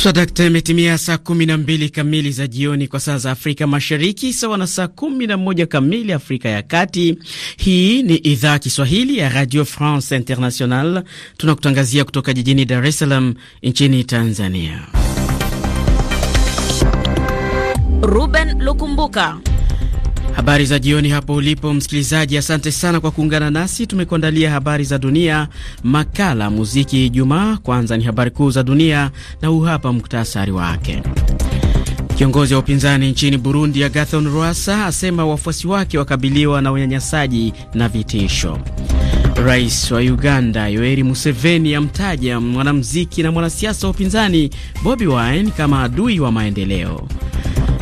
Swadakta, dakta. imetimia saa mbili kamili za jioni kwa saa za Afrika Mashariki, sawa na saa moja kamili Afrika ya Kati. Hii ni idhaa Kiswahili ya Radio France International, tunakutangazia kutoka jijini Dar es Salaam nchini Tanzania. Ruben Lukumbuka Habari za jioni hapo ulipo msikilizaji, asante sana kwa kuungana nasi. Tumekuandalia habari za dunia, makala, muziki Ijumaa. Kwanza ni habari kuu za dunia na huu hapa muktasari wake. Kiongozi wa upinzani nchini Burundi Agathon Rwasa asema wafuasi wake wakabiliwa na unyanyasaji na vitisho. Rais wa Uganda Yoweri Museveni amtaja mwanamuziki na mwanasiasa wa upinzani Bobi Wine kama adui wa maendeleo.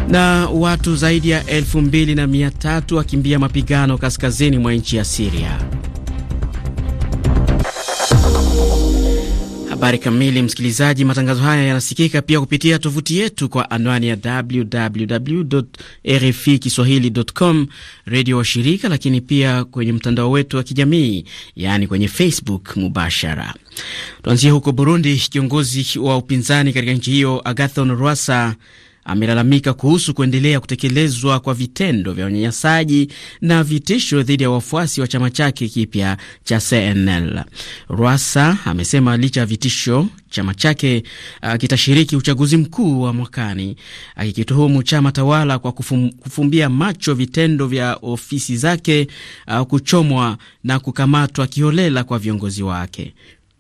Na watu zaidi ya 23 wakimbia mapigano kaskazini mwa nchi ya Siria. Habari kamili, msikilizaji. Matangazo haya yanasikika pia kupitia tovuti yetu kwa anwani ya www RFI kiswahilicom, redio wa shirika, lakini pia kwenye mtandao wetu wa kijamii, yaani kwenye Facebook mubashara. Tuanzie huko Burundi. Kiongozi wa upinzani katika nchi hiyo Agathon Rwasa amelalamika kuhusu kuendelea kutekelezwa kwa vitendo vya unyanyasaji na vitisho dhidi ya wafuasi wa chama chake kipya cha CNL. Rwasa amesema licha ya vitisho, chama chake uh, kitashiriki uchaguzi mkuu wa mwakani, akikituhumu chama tawala kwa kufum, kufumbia macho vitendo vya ofisi zake uh, kuchomwa na kukamatwa kiholela kwa viongozi wake.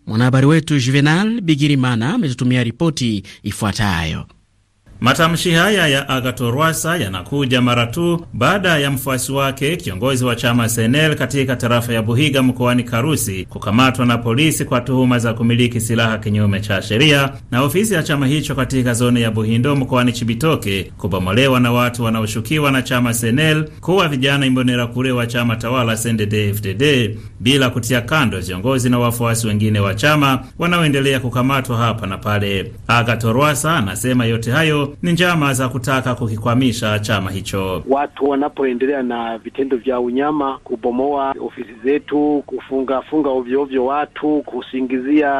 Mwanahabari wetu Juvenal Bigirimana ametutumia ripoti ifuatayo. Matamshi haya ya Agato Rwasa yanakuja mara tu baada ya mfuasi wake kiongozi wa chama Senel katika tarafa ya Buhiga mkoani Karusi kukamatwa na polisi kwa tuhuma za kumiliki silaha kinyume cha sheria na ofisi ya chama hicho katika zone ya Buhindo mkoani Chibitoke kubomolewa na watu wanaoshukiwa na chama Senel kuwa vijana imbonera kure wa chama tawala CNDD-FDD bila kutia kando viongozi na wafuasi wengine wa chama wanaoendelea kukamatwa hapa na pale. Agato Rwasa anasema yote hayo ni njama za kutaka kukikwamisha chama hicho. Watu wanapoendelea na vitendo vya unyama, kubomoa ofisi zetu, kufunga funga ovyoovyo watu, kusingizia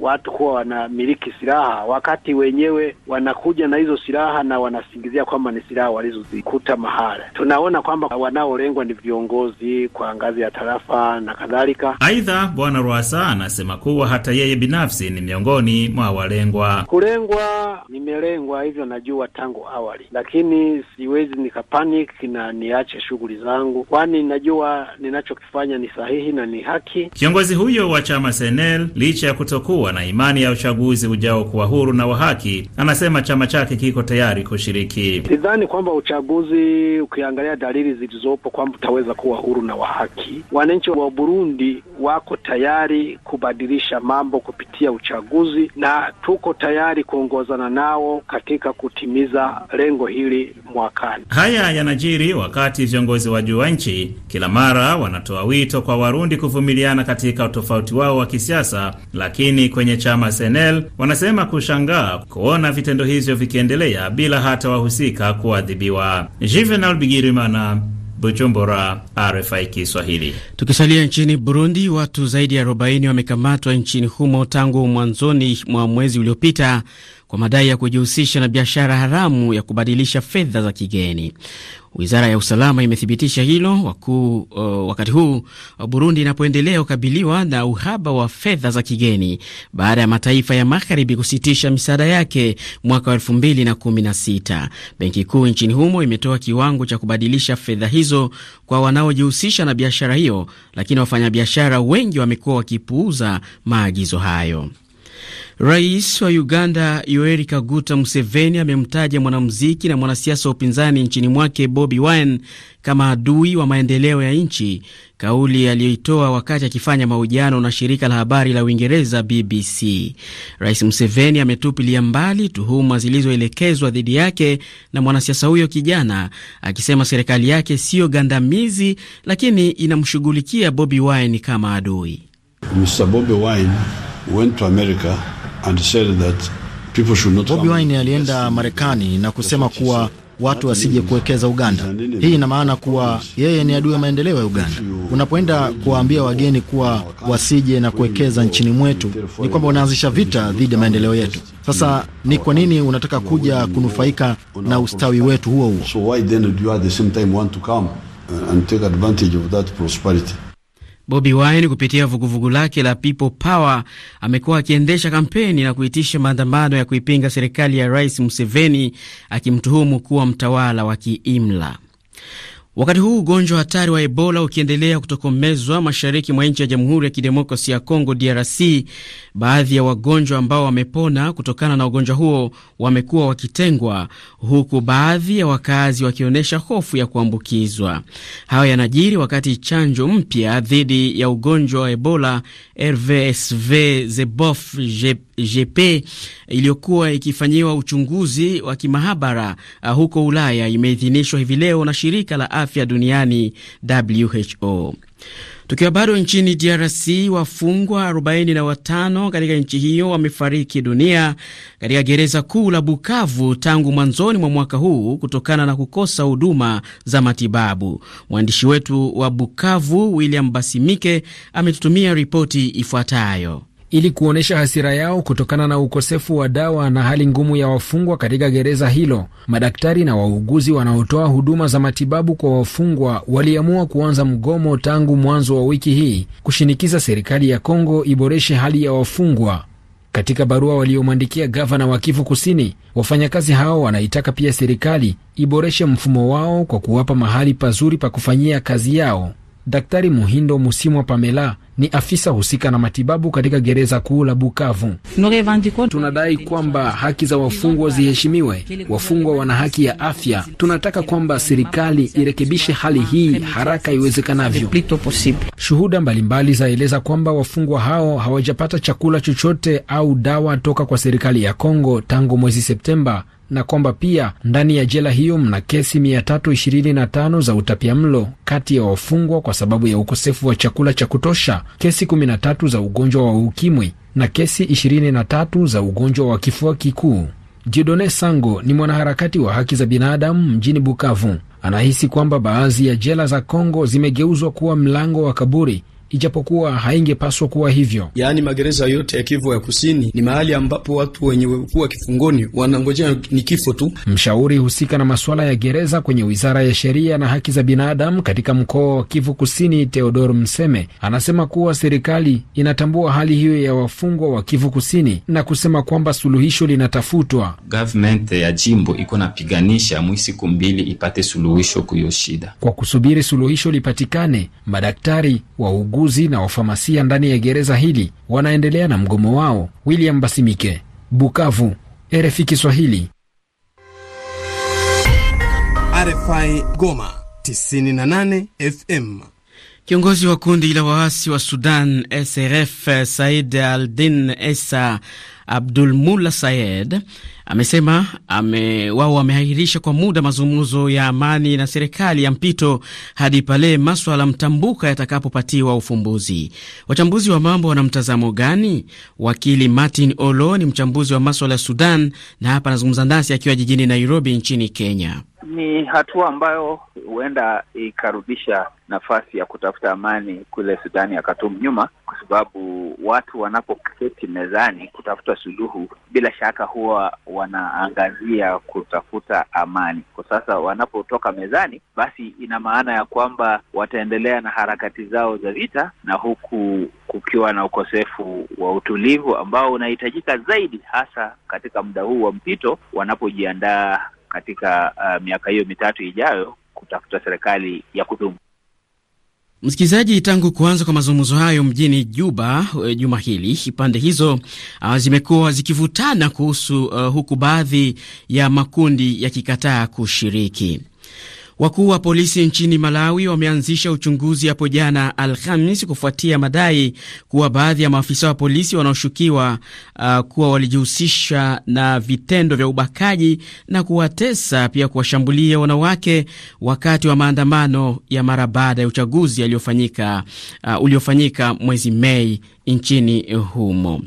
watu kuwa wanamiliki silaha, wakati wenyewe wanakuja na hizo silaha na wanasingizia kwamba ni silaha walizozikuta mahala. Tunaona kwamba wanaolengwa ni viongozi kwa ngazi ya tarafa na kadhalika. Aidha, Bwana Rwasa anasema kuwa hata yeye binafsi ni miongoni mwa walengwa. Kulengwa, nimelengwa hivyo wanajua tangu awali, lakini siwezi nikapanic na niache shughuli zangu, kwani najua ninachokifanya ni sahihi na ni haki. Kiongozi huyo wa chama Senel, licha ya kutokuwa na imani ya uchaguzi ujao kuwa huru na wa haki, anasema chama chake kiko tayari kushiriki. Sidhani kwamba uchaguzi, ukiangalia dalili zilizopo, kwamba utaweza kuwa huru na wa haki. Wananchi wa Burundi wako tayari kubadilisha mambo kupitia uchaguzi, na tuko tayari kuongozana nao katika kutimiza lengo hili mwakani. Haya yanajiri wakati viongozi wa juu wa nchi kila mara wanatoa wito kwa Warundi kuvumiliana katika utofauti wao wa kisiasa, lakini kwenye chama cnl wanasema kushangaa kuona vitendo hivyo vikiendelea bila hata wahusika kuadhibiwa. Juvenal Bigirimana, Bujumbura, RFI Kiswahili. Tukisalia nchini Burundi, watu zaidi ya 40 wamekamatwa nchini humo tangu mwanzoni mwa mwezi uliopita kwa madai ya kujihusisha na biashara haramu ya kubadilisha fedha za kigeni. Wizara ya usalama imethibitisha hilo waku, uh, wakati huu uh, Burundi inapoendelea kukabiliwa na uhaba wa fedha za kigeni baada ya mataifa ya magharibi kusitisha misaada yake mwaka wa elfu mbili na kumi na sita. Benki kuu nchini humo imetoa kiwango cha kubadilisha fedha hizo kwa wanaojihusisha na biashara hiyo, lakini wafanyabiashara wengi wamekuwa wakipuuza maagizo hayo. Rais wa Uganda Yoweri Kaguta Museveni amemtaja mwanamuziki na mwanasiasa wa upinzani nchini mwake Bobi Wine kama adui wa maendeleo ya nchi, kauli aliyoitoa wakati akifanya mahojiano na shirika la habari la Uingereza BBC. Rais Museveni ametupilia mbali tuhuma zilizoelekezwa dhidi yake na mwanasiasa huyo kijana, akisema serikali yake siyo gandamizi, lakini inamshughulikia Bobi Wine kama adui. Mr. Bobi Wine went to America and said that people should not. Bobi Wine alienda Marekani na kusema kuwa watu wasije kuwekeza Uganda. Hii ina maana kuwa yeye ni adui ya maendeleo ya Uganda. Unapoenda kuwaambia wageni kuwa wasije na kuwekeza nchini mwetu, ni kwamba unaanzisha vita dhidi ya maendeleo yetu. Sasa ni kwa nini unataka kuja kunufaika na ustawi wetu huo huo? So why then do you at the same time want to come uh, and take advantage of that prosperity? Bobi Wine kupitia vuguvugu lake la People Power amekuwa akiendesha kampeni na kuitisha maandamano ya kuipinga serikali ya Rais Museveni akimtuhumu kuwa mtawala wa kiimla. Wakati huu ugonjwa hatari wa Ebola ukiendelea kutokomezwa mashariki mwa nchi ya Jamhuri ya Kidemokrasi ya Kongo, DRC, baadhi ya wagonjwa ambao wamepona kutokana na ugonjwa huo wamekuwa wakitengwa, huku baadhi ya wakazi wakionyesha hofu ya kuambukizwa. Hayo yanajiri wakati chanjo mpya dhidi ya ugonjwa wa Ebola, RVSV Zebof GP iliyokuwa ikifanyiwa uchunguzi wa kimahabara uh, huko Ulaya imeidhinishwa hivi leo na shirika la afya duniani WHO. Tukiwa bado nchini DRC, wafungwa 45 katika nchi hiyo wamefariki dunia katika gereza kuu la Bukavu tangu mwanzoni mwa mwaka huu kutokana na kukosa huduma za matibabu. Mwandishi wetu wa Bukavu William Basimike ametutumia ripoti ifuatayo ili kuonyesha hasira yao kutokana na ukosefu wa dawa na hali ngumu ya wafungwa katika gereza hilo. Madaktari na wauguzi wanaotoa huduma za matibabu kwa wafungwa waliamua kuanza mgomo tangu mwanzo wa wiki hii kushinikiza serikali ya Kongo iboreshe hali ya wafungwa. Katika barua waliomwandikia gavana wa Kivu Kusini, wafanyakazi hao wanaitaka pia serikali iboreshe mfumo wao kwa kuwapa mahali pazuri pa kufanyia kazi yao. Daktari Muhindo Musimwa Pamela ni afisa husika na matibabu katika gereza kuu la Bukavu. Tunadai kwamba haki za wafungwa ziheshimiwe. Wafungwa wana haki ya afya. Tunataka kwamba serikali irekebishe hali hii haraka iwezekanavyo. Shuhuda mbalimbali zaeleza kwamba wafungwa hao hawajapata chakula chochote au dawa toka kwa serikali ya Kongo tangu mwezi Septemba na kwamba pia ndani ya jela hiyo mna kesi 325 za utapiamlo kati ya wafungwa kwa sababu ya ukosefu wa chakula cha kutosha, kesi 13 za ugonjwa wa ukimwi na kesi 23 za ugonjwa wa kifua kikuu. Jidone Sango ni mwanaharakati wa haki za binadamu mjini Bukavu. Anahisi kwamba baadhi ya jela za Kongo zimegeuzwa kuwa mlango wa kaburi ijapokuwa haingepaswa kuwa hivyo. Yaani magereza yote ya Kivu ya Kusini ni mahali ambapo watu wenye kuwa kifungoni wanangojea ni kifo tu. Mshauri husika na masuala ya gereza kwenye Wizara ya Sheria na Haki za Binadamu katika mkoa wa Kivu Kusini, Theodor Mseme, anasema kuwa serikali inatambua hali hiyo ya wafungwa wa Kivu Kusini na kusema kwamba suluhisho linatafutwa. Government ya jimbo iko napiganisha mwi siku mbili ipate suluhisho kuyo shida. Kwa kusubiri suluhisho lipatikane, madaktari ugu wauguzi na wafamasia ndani ya gereza hili wanaendelea na mgomo wao. William Basimike, Bukavu, RFI Kiswahili. RFI Goma 98 FM. Kiongozi wa kundi la waasi wa Sudan SRF Said Aldin Esa Abdulmula Sayed amesema ame, wao wameahirisha kwa muda mazungumzo ya amani na serikali ya mpito hadi pale maswala mtambuka yatakapopatiwa ufumbuzi. Wachambuzi wa mambo wana mtazamo gani? Wakili Martin Olo ni mchambuzi wa maswala ya Sudan na hapa anazungumza nasi akiwa jijini Nairobi nchini Kenya. Ni hatua ambayo huenda ikarudisha nafasi ya kutafuta amani kule Sudani ya Khartoum nyuma, kwa sababu watu wanapoketi mezani kutafuta suluhu, bila shaka huwa wanaangazia kutafuta amani. Kwa sasa wanapotoka mezani, basi ina maana ya kwamba wataendelea na harakati zao za vita, na huku kukiwa na ukosefu wa utulivu ambao unahitajika zaidi, hasa katika muda huu wa mpito, wanapojiandaa katika uh, miaka hiyo mitatu ijayo kutafuta serikali ya kudumu. Msikilizaji, tangu kuanza kwa mazungumzo hayo mjini Juba eh, juma hili, pande hizo uh, zimekuwa zikivutana kuhusu uh, huku baadhi ya makundi yakikataa kushiriki. Wakuu wa polisi nchini Malawi wameanzisha uchunguzi hapo jana Alhamis kufuatia madai kuwa baadhi ya maafisa wa polisi wanaoshukiwa uh, kuwa walijihusisha na vitendo vya ubakaji na kuwatesa, pia kuwashambulia wanawake wakati wa maandamano ya mara baada ya uchaguzi uh, uliofanyika uh, mwezi Mei nchini humo.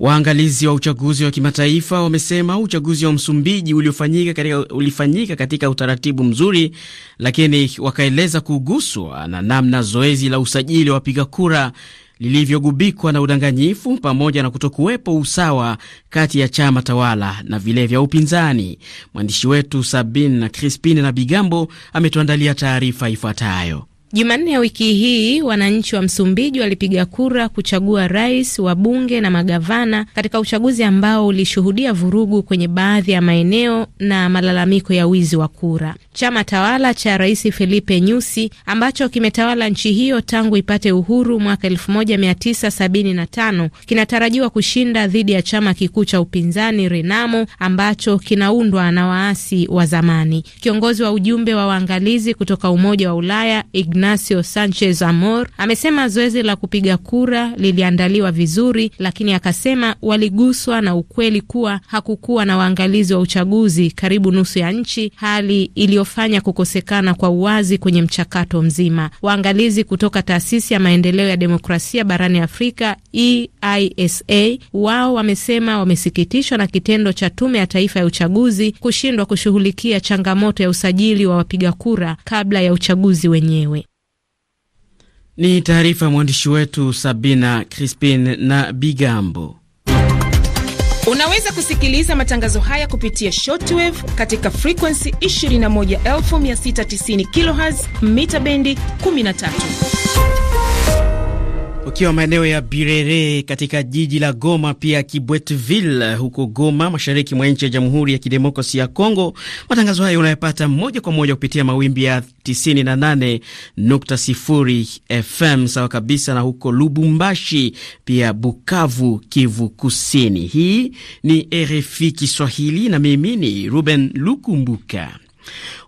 Waangalizi wa uchaguzi wa kimataifa wamesema uchaguzi wa Msumbiji uliofanyika katika, ulifanyika katika utaratibu mzuri, lakini wakaeleza kuguswa na namna zoezi la usajili wa wapiga kura lilivyogubikwa na udanganyifu pamoja na kutokuwepo usawa kati ya chama tawala na vile vya upinzani. Mwandishi wetu Sabin na Crispin na Bigambo ametuandalia taarifa ifuatayo. Jumanne ya wiki hii wananchi wa Msumbiji walipiga kura kuchagua rais, wabunge na magavana katika uchaguzi ambao ulishuhudia vurugu kwenye baadhi ya maeneo na malalamiko ya wizi wa kura chama tawala cha Rais Filipe Nyusi ambacho kimetawala nchi hiyo tangu ipate uhuru mwaka 1975 kinatarajiwa kushinda dhidi ya chama kikuu cha upinzani Renamo ambacho kinaundwa na waasi wa zamani. Kiongozi wa ujumbe wa waangalizi kutoka Umoja wa Ulaya Ignacio Sanchez Amor amesema zoezi la kupiga kura liliandaliwa vizuri, lakini akasema waliguswa na ukweli kuwa hakukuwa na waangalizi wa uchaguzi karibu nusu ya nchi, hali iliyo uliofanya kukosekana kwa uwazi kwenye mchakato mzima. Waangalizi kutoka taasisi ya maendeleo ya demokrasia barani Afrika EISA, wao wamesema wamesikitishwa na kitendo cha tume ya taifa ya uchaguzi kushindwa kushughulikia changamoto ya usajili wa wapiga kura kabla ya uchaguzi wenyewe. Ni taarifa ya mwandishi wetu Sabina Crispin na Bigambo. Unaweza kusikiliza matangazo haya kupitia shortwave katika frekuensi 21690 kHz mita bendi 13. Ukiwa maeneo ya Birere katika jiji la Goma, pia Kibwetville huko Goma, mashariki mwa nchi ya Jamhuri ya Kidemokrasi ya Kongo. Matangazo hayo unayopata moja kwa moja kupitia mawimbi ya 98.0 FM, sawa kabisa na huko Lubumbashi, pia Bukavu, Kivu Kusini. Hii ni RFI Kiswahili na mimi ni Ruben Lukumbuka.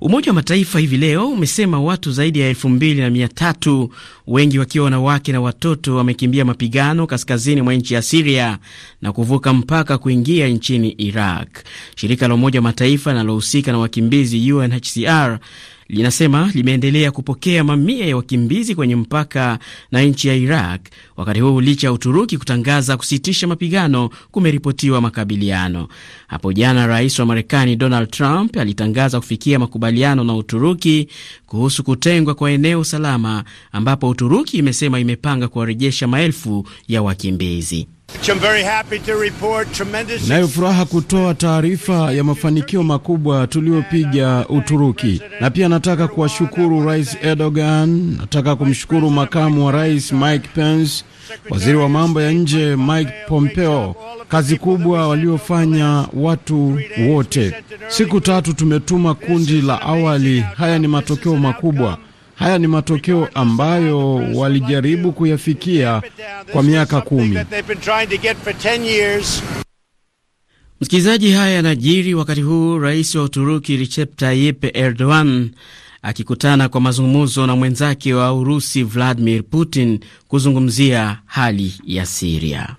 Umoja wa Mataifa hivi leo umesema watu zaidi ya elfu mbili na mia tatu wengi wakiwa wanawake na watoto wamekimbia mapigano kaskazini mwa nchi ya Siria na kuvuka mpaka kuingia nchini Iraq. Shirika la Umoja wa Mataifa linalohusika na wakimbizi UNHCR linasema limeendelea kupokea mamia ya wakimbizi kwenye mpaka na nchi ya Iraq, wakati huu licha ya Uturuki kutangaza kusitisha mapigano, kumeripotiwa makabiliano. Hapo jana rais wa Marekani Donald Trump alitangaza kufikia makubaliano na Uturuki kuhusu kutengwa kwa eneo salama, ambapo Uturuki imesema imepanga kuwarejesha maelfu ya wakimbizi. Nayo furaha kutoa taarifa ya mafanikio makubwa tuliyopiga Uturuki, na pia nataka kuwashukuru Rais Erdogan, nataka kumshukuru makamu wa rais Mike Pence, waziri wa mambo ya nje Mike Pompeo, kazi kubwa waliofanya watu wote. Siku tatu tumetuma kundi la awali, haya ni matokeo makubwa. Haya ni matokeo ambayo walijaribu kuyafikia kwa miaka kumi. Msikilizaji, haya yanajiri wakati huu rais wa Uturuki Recep Tayyip Erdogan akikutana kwa mazungumzo na mwenzake wa Urusi Vladimir Putin kuzungumzia hali ya Siria.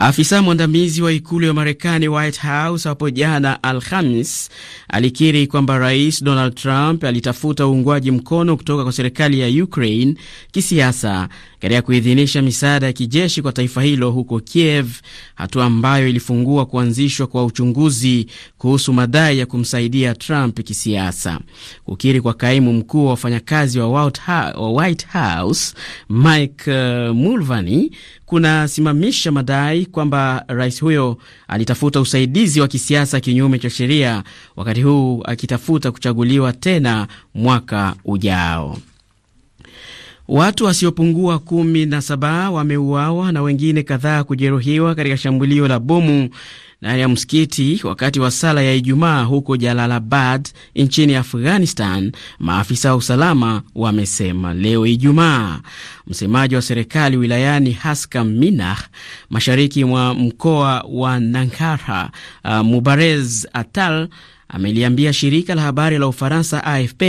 Afisa mwandamizi wa ikulu ya Marekani, White House, hapo jana Alhamis alikiri kwamba Rais Donald Trump alitafuta uungwaji mkono kutoka kwa serikali ya Ukraine kisiasa katika kuidhinisha misaada ya kijeshi kwa taifa hilo huko Kiev, hatua ambayo ilifungua kuanzishwa kwa uchunguzi kuhusu madai ya kumsaidia Trump kisiasa. Kukiri kwa kaimu mkuu wa wafanyakazi wa White House Mike mulvani uh, Mulvaney kunasimamisha madai kwamba rais huyo alitafuta usaidizi wa kisiasa kinyume cha sheria, wakati huu akitafuta kuchaguliwa tena mwaka ujao. Watu wasiopungua kumi na saba wameuawa na wengine kadhaa kujeruhiwa katika shambulio la bomu na ya msikiti wakati wa sala ya Ijumaa huko Jalalabad nchini Afghanistan, maafisa wa usalama wamesema leo Ijumaa. Msemaji wa serikali wilayani Haskam Minah, mashariki mwa mkoa wa Nangarhar, uh, Mubarez Atal ameliambia shirika la habari la Ufaransa AFP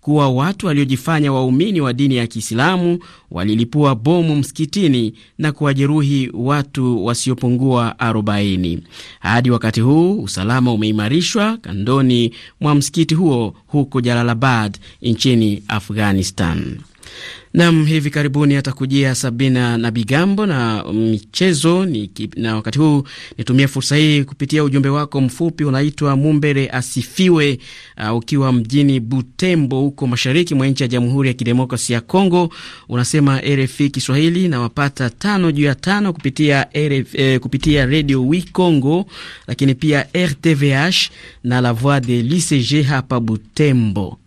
kuwa watu waliojifanya waumini wa dini ya Kiislamu walilipua bomu msikitini na kuwajeruhi watu wasiopungua 40. Hadi wakati huu usalama umeimarishwa kandoni mwa msikiti huo huko Jalalabad nchini Afghanistan. Nam, hivi karibuni atakujia Sabina na Bigambo na michezo ni, na wakati huu nitumie fursa hii kupitia ujumbe wako mfupi unaitwa Mumbere asifiwe. Uh, ukiwa mjini Butembo huko mashariki mwa nchi ya Jamhuri ya Kidemokrasi ya Kongo, unasema RFI Kiswahili nawapata tano juu ya tano kupitia, RF, eh, kupitia Radio Wi Congo, lakini pia RTVH na La Voix de lcg hapa Butembo.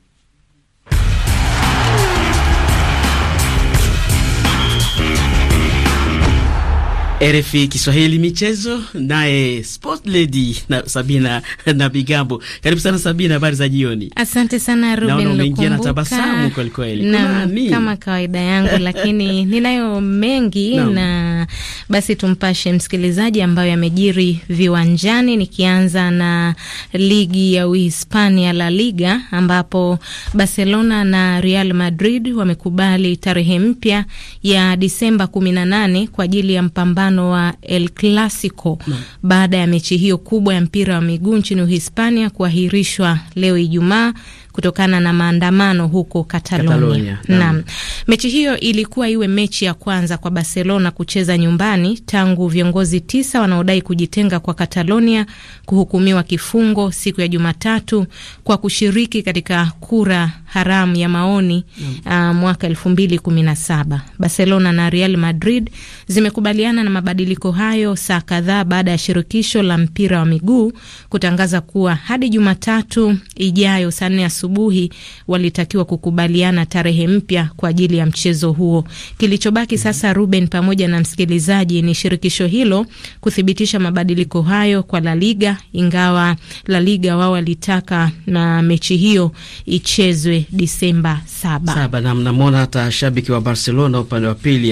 RFI Kiswahili michezo, naye sport lady na Sabina na Bigambo. Karibu sana Sabina, habari za jioni. Asante sana Ruben, naona umeingia na tabasamu kweli kweli. Nami kama kawaida yangu lakini ninayo mengi no. na basi tumpashe msikilizaji ambayo yamejiri viwanjani, nikianza na ligi ya Uhispania La Liga, ambapo Barcelona na Real Madrid wamekubali tarehe mpya ya Disemba 18 kwa ajili ya mpambano mchuano wa El Clasico no. Mm. baada ya mechi hiyo kubwa ya mpira wa miguu nchini Uhispania kuahirishwa leo Ijumaa kutokana na maandamano huko Catalonia, Naam, mechi hiyo ilikuwa iwe mechi ya kwanza kwa Barcelona kucheza nyumbani tangu viongozi tisa wanaodai kujitenga kwa Catalonia kuhukumiwa kifungo siku ya Jumatatu kwa kushiriki katika kura haramu ya maoni mm. uh, mwaka elfu mbili kumi na saba. Barcelona na Real Madrid zimekubaliana na mabadiliko hayo saa kadhaa baada ya shirikisho la mpira wa miguu kutangaza kuwa hadi Jumatatu ijayo saa nne asubuhi walitakiwa kukubaliana tarehe mpya kwa ajili ya mchezo huo. Kilichobaki sasa, Ruben pamoja na msikilizaji, ni shirikisho hilo kuthibitisha mabadiliko hayo kwa La Liga, ingawa La Liga wao walitaka na mechi hiyo ichezwe Disemba saba saba. Na mnamwona hata shabiki wa Barcelona upande wa pili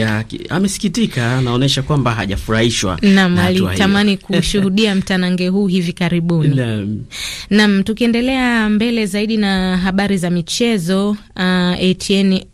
amesikitika, anaonyesha kwamba hajafurahishwa nam, alitamani kushuhudia mtanange huu hivi karibuni nam. Nam, tukiendelea mbele zaidi na habari za michezo uh, Etienne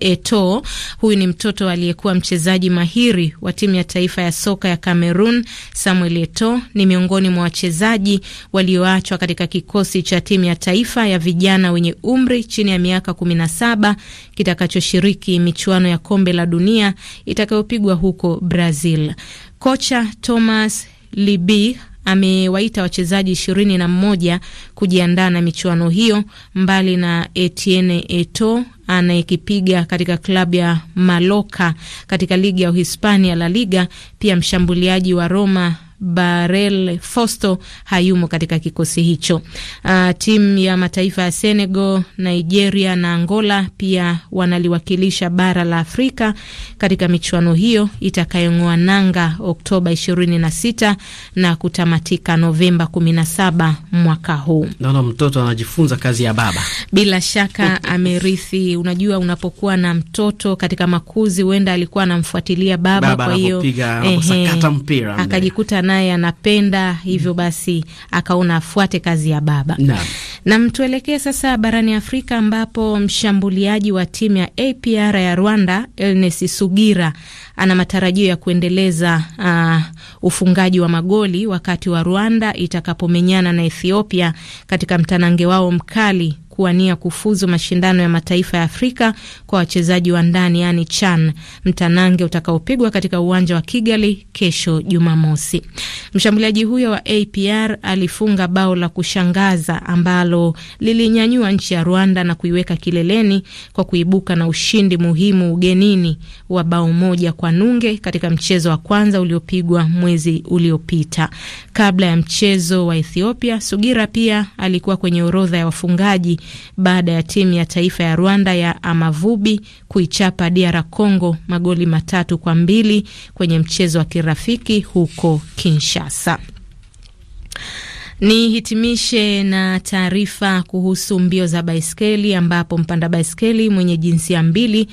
Eto, huyu ni mtoto aliyekuwa mchezaji mahiri wa timu ya taifa ya soka ya Cameroon. Samuel Eto ni miongoni mwa wachezaji walioachwa katika kikosi cha timu ya taifa ya vijana wenye umri chini ya miaka 17 kitakachoshiriki michuano ya kombe la dunia itakayopigwa huko Brazil. Kocha Thomas Libi amewaita wachezaji ishirini na mmoja kujiandaa na michuano hiyo, mbali na Etienne Eto anayekipiga katika klabu ya Maloka katika ligi ya Uhispania La Liga, pia mshambuliaji wa Roma Barel Fosto hayumo katika kikosi hicho. Uh, timu ya mataifa ya Senegal, Nigeria na Angola pia wanaliwakilisha bara la Afrika katika michuano hiyo itakayong'oa nanga Oktoba 26 na kutamatika Novemba 17 mwaka huu. Naona mtoto anajifunza kazi ya baba, bila shaka amerithi. Unajua, unapokuwa na mtoto katika makuzi, huenda alikuwa anamfuatilia baba, baba, kwa hiyo akajikuta naye anapenda hivyo, mm. basi akaona afuate kazi ya baba na, na mtuelekee sasa barani Afrika ambapo mshambuliaji wa timu ya APR ya Rwanda Elnes Sugira ana matarajio ya kuendeleza uh, ufungaji wa magoli wakati wa Rwanda itakapomenyana na Ethiopia katika mtanange wao mkali kuwania kufuzu mashindano ya mataifa ya Afrika kwa wachezaji wa ndani yani CHAN, mtanange utakaopigwa katika uwanja wa Kigali kesho Jumamosi. Mshambuliaji huyo wa APR alifunga bao la kushangaza ambalo lilinyanyua nchi ya Rwanda na kuiweka kileleni kwa kuibuka na ushindi muhimu ugenini wa bao moja kwa nunge katika mchezo wa kwanza uliopigwa mwezi uliopita. Kabla ya mchezo wa Ethiopia, Sugira pia alikuwa kwenye orodha ya wafungaji baada ya timu ya taifa ya Rwanda ya Amavubi kuichapa DR Congo magoli matatu kwa mbili kwenye mchezo wa kirafiki huko Kinshasa. Nihitimishe na taarifa kuhusu mbio za baiskeli ambapo mpanda baiskeli mwenye jinsia mbili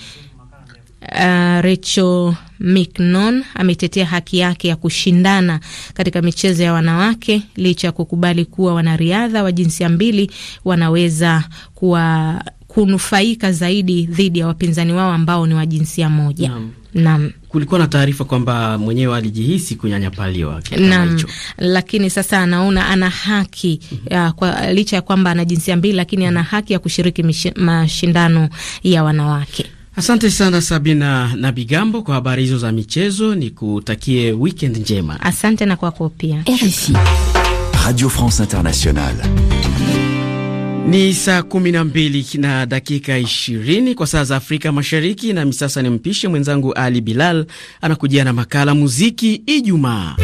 uh, Rachel Mignon ametetea haki yake ya kushindana katika michezo ya wanawake licha ya kukubali kuwa wanariadha wa jinsia mbili wanaweza kuwa kunufaika zaidi dhidi ya wapinzani wao ambao ni wa jinsia moja. Naam. Kulikuwa na taarifa kwamba mwenyewe alijihisi kunyanyapaliwa hicho, lakini sasa anaona ana haki mm -hmm. Uh, ya, kwa, licha ya kwamba ana jinsia mbili lakini ana mhm. haki ya kushiriki mashindano ya wanawake. Asante sana Sabina na Bigambo kwa habari hizo za michezo. Ni kutakie weekend njema. Asante na kwako pia. RFI, Radio France Internationale. Ni saa kumi na mbili na dakika ishirini kwa saa za Afrika Mashariki, nami sasa ni mpishe mwenzangu Ali Bilal anakujia na makala muziki Ijumaa.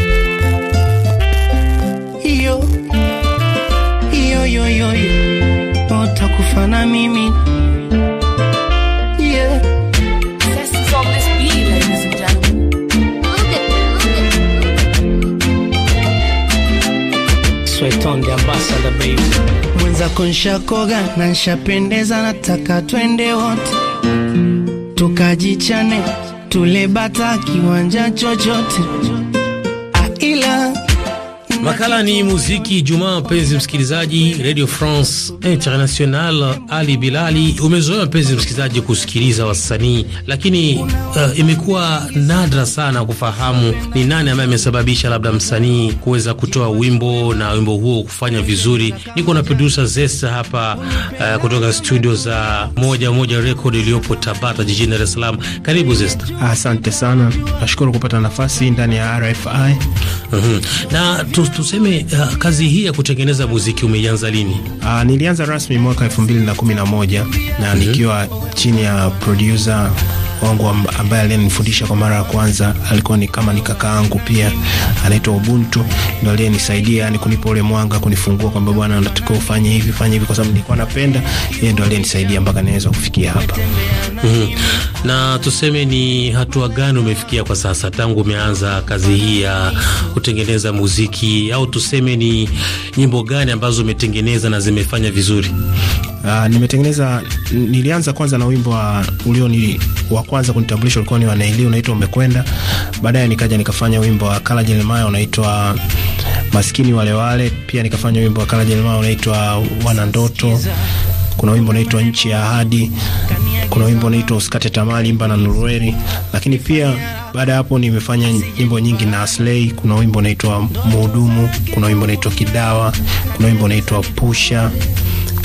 zako nshakoga na nshapendeza, nataka twende wote tukajichane, tule bata kiwanja chochote Makala ni muziki Jumaa. Mpenzi msikilizaji, Radio France International, Ali Bilali, umezoea mpenzi msikilizaji kusikiliza wasanii, lakini uh, imekuwa nadra sana kufahamu ni nani ambaye amesababisha labda msanii kuweza kutoa wimbo na wimbo huo kufanya vizuri. Niko na producer Zesta hapa uh, kutoka studio za moja moja record iliyopo Tabata jijini Dar es Salaam. Karibu Zesta. Asante sana, nashukuru kupata nafasi ndani ya RFI. Mm na tuseme uh, kazi hii ya kutengeneza muziki umeianza lini? Uh, nilianza rasmi mwaka 2011 na, na mm -hmm. nikiwa chini ya producer wangu ambaye aliyenifundisha kwa mara ya kwanza alikuwa ni kama ni kaka yangu pia, anaitwa Ubuntu, ndo aliyenisaidia yani kunipa ule mwanga, kunifungua kwamba bwana, unatakiwa ufanye hivi, fanye hivi, kwa sababu nilikuwa napenda. Yeye ndo aliyenisaidia mpaka niweza kufikia hapa. Mm -hmm. Na tuseme ni hatua gani umefikia kwa sasa tangu umeanza kazi hii ya kutengeneza muziki, au tuseme ni nyimbo gani ambazo umetengeneza na zimefanya vizuri? Uh, nimetengeneza, nilianza kwanza na wimbo wa ulio ni wa kwanza kunitambulisha ulikuwa ni wanaili unaitwa umekwenda. Baadaye nikaja nikafanya wimbo wa Kala Jeremiah unaitwa Maskini wale wale, pia nikafanya wimbo wa Kala Jeremiah unaitwa Wana Ndoto. Kuna wimbo unaitwa Nchi ya Ahadi, kuna wimbo unaitwa Usikate Tamaa, Limba na Nurueli. Lakini pia baada ya hapo nimefanya nyimbo nyingi na Aslay. Kuna wimbo unaitwa Muhudumu, kuna wimbo unaitwa Kidawa, kuna wimbo unaitwa Pusha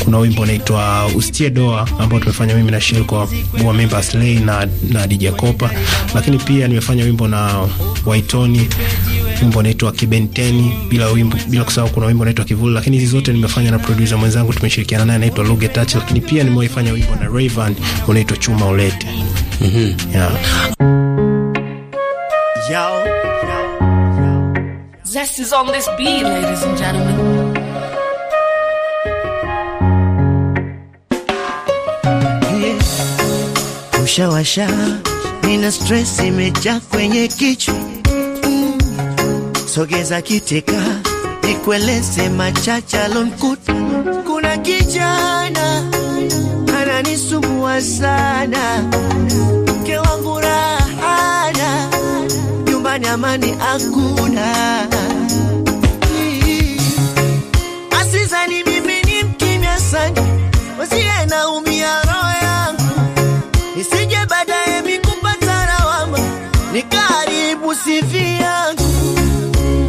kuna wimbo unaitwa Ustie Doa ambao tumefanya mimi na Shilko wa Members Lay na, na DJ Kopa, lakini pia nimefanya wimbo na Waitoni wimbo unaitwa Kibenteni bila wimbo, bila kusahau kuna wimbo unaitwa Kivuli, lakini hizi zote nimefanya na producer mwenzangu tumeshirikiana naye anaitwa Luge Touch, lakini pia nimewaifanya wimbo na Rayvan unaitwa Chuma Ulete. mm -hmm. yeah. yo. Zest is on this beat, ladies and gentlemen. kushawasha, nina stress imejaa kwenye kichwa mm. Sogeza kiteka nikueleze machache alonikuta. Kuna kijana ananisumbua sana, mke wangu rahana, nyumbani amani hakuna mm. Asizani mimi ni mkimya sana, na umi ni karibu sifi yangu,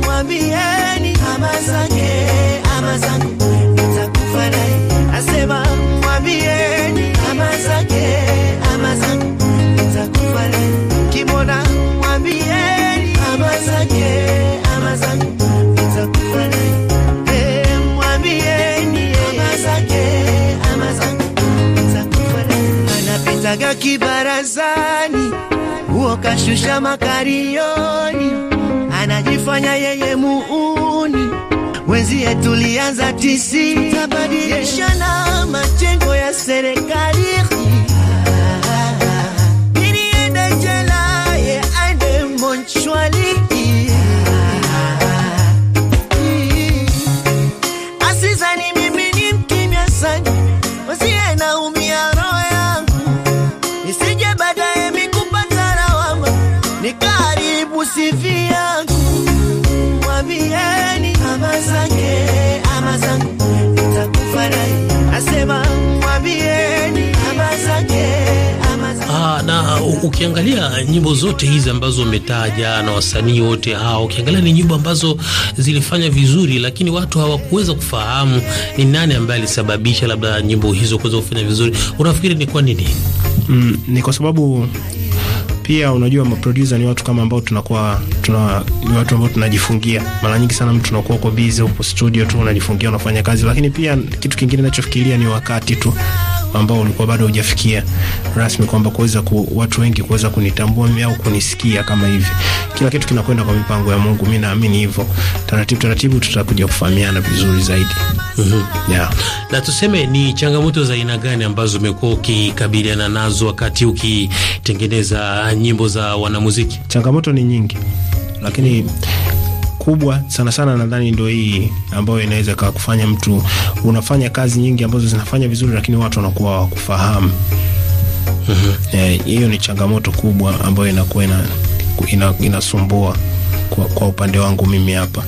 mwambieni ama zangu ama zangu nitakufa naye, asema mwambieni ama zangu ama zangu nitakufa naye, kimona mwambieni ama zangu eh, ama zangu kibarazani nguo kashusha makarioni, anajifanya yeye muuni. Wenzie tulianza tisi, tabadilisha na majengo ya serikali ili ende jela ye aende monchwali ukiangalia nyimbo zote hizi ambazo umetaja na wasanii wote hao, ukiangalia ni nyimbo ambazo zilifanya vizuri, lakini watu hawakuweza kufahamu ni nani ambaye alisababisha labda nyimbo hizo kuweza kufanya vizuri. Unafikiri ni kwa nini? Mm, ni kwa sababu pia unajua maproducer ni watu kama ambao tunakuwa tuna ni watu ambao tunajifungia mara nyingi sana, mtu unakuwa uko busy huko studio tu unajifungia, unafanya kazi, lakini pia kitu kingine ninachofikiria ni wakati tu ambao ulikuwa bado hujafikia rasmi, kwamba kuweza ku, watu wengi kuweza kunitambua mimi au kunisikia kama hivi. Kila kitu kinakwenda kwa mipango ya Mungu, mimi naamini hivyo. Taratibu taratibu tutakuja kufahamiana vizuri zaidi. Mm -hmm. Yeah. Na tuseme ni changamoto za aina gani ambazo umekuwa ukikabiliana nazo wakati ukitengeneza nyimbo za wanamuziki? Changamoto ni nyingi lakini mm -hmm kubwa sana sana, nadhani ndio hii ambayo inaweza kufanya mtu unafanya kazi nyingi ambazo zinafanya vizuri, lakini watu wanakuwa hawakufahamu. Mhm. Eh, hiyo yeah, ni changamoto kubwa ambayo inakuwa ina, ina, inasumbua kwa, kwa upande wangu mimi hapa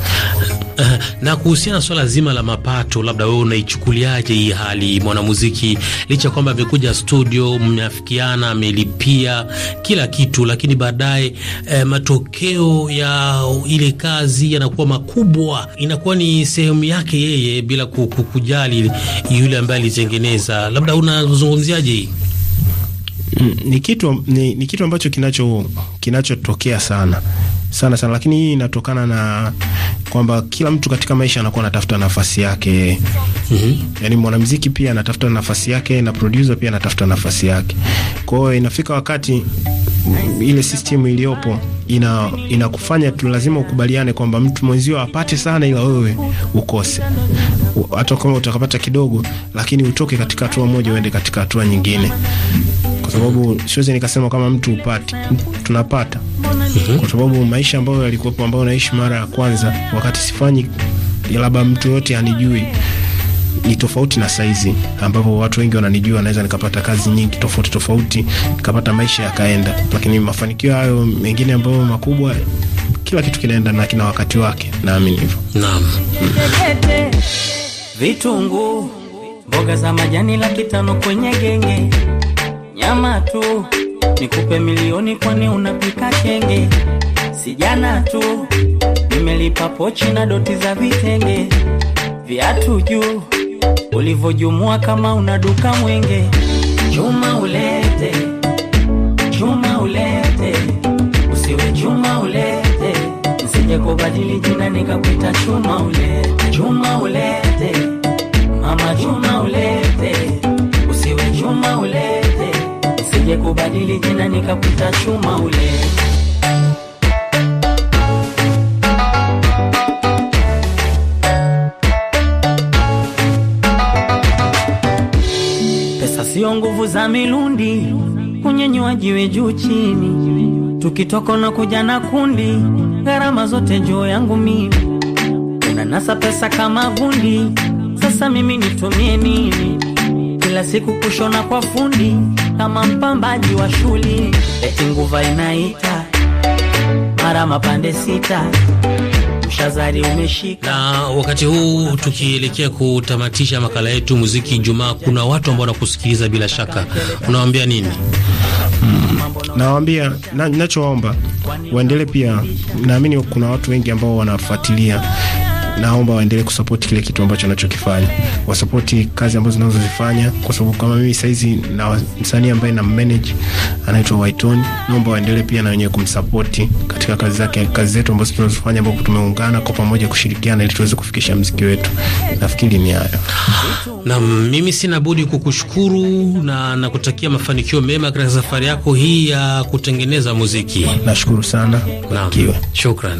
Uh, na kuhusiana na swala zima la mapato, labda wewe unaichukuliaje hii hali mwanamuziki, licha kwamba amekuja studio, mmeafikiana, amelipia kila kitu, lakini baadaye eh, matokeo ya ile kazi yanakuwa makubwa, inakuwa ni sehemu yake yeye bila kukujali yule ambaye alitengeneza. Labda unazungumziaje hii? Mm, ni kitu ni, ni kitu ambacho kinacho kinachotokea sana sana sana, lakini hii inatokana na kwamba kila mtu katika maisha anakuwa anatafuta nafasi yake. mm -hmm. Yani mwanamuziki pia anatafuta nafasi yake na producer pia anatafuta nafasi yake. Kwa hiyo inafika wakati ile system iliyopo ina inakufanya tu lazima ukubaliane kwamba mtu mwenzio apate sana, ila wewe ukose, hata kama utakapata kidogo, lakini utoke katika hatua moja uende katika hatua nyingine kwa sababu siwezi nikasema kama mtu upati, tunapata mhm. kwa sababu maisha ambayo yalikuwepo, ambayo naishi mara ya kwanza, wakati sifanyi, labda mtu yote anijui ni tofauti na saizi ambapo watu wengi wananijua, naweza nikapata kazi nyingi tofauti tofauti, nikapata maisha yakaenda. Lakini mafanikio hayo mengine ambayo makubwa, kila kitu kinaenda na kina wakati wake, naamini hivyo. Naam, vitunguu, mboga za majani, laki tano kwenye genge nyama tu, nikupe milioni, kwani unapika kenge? Sijana tu nimelipa pochi na doti za vitenge, viatu juu ulivyojumua, kama una duka mwenge. Chuma ulete, chuma ulete, usiwe chuma ulete, nsije kubadili jina nikakuita chuma ulete, chuma ulete, mama chuma ulete, usiwe chuma ulete kubadili jina nikakuta chuma ule. Pesa sio nguvu za milundi, kunyenywa jiwe juu chini, tukitoka na kuja na kundi, gharama zote juu yangu mimi, unanasa pesa kama gundi, sasa mimi nitumie nini? kila siku kushona kwa fundi kama mpambaji wa shuli, eti nguva inaita mara mapande sita umeshika. na wakati huu tukielekea kutamatisha makala yetu muziki Ijumaa, kuna watu ambao wanakusikiliza bila shaka, unawaambia nini? Mm, nawaambia ninachowaomba waendelee pia, naamini kuna watu wengi ambao wanafuatilia naomba waendelee kusapoti kile kitu ambacho anachokifanya, wasapoti kazi ambazo zinazozifanya, kwa sababu kama mimi sahizi na msanii ambaye na manage anaitwa Whiton, naomba waendelee pia na wenyewe kumsapoti katika kazi zake, kazi zetu ambazo tunazofanya, ambapo tumeungana kwa pamoja kushirikiana ili tuweze kufikisha mziki wetu. Nafikiri ni hayo, na mimi sina budi kukushukuru na nakutakia mafanikio mema katika safari yako hii ya kutengeneza muziki. Nashukuru sana na, shukran.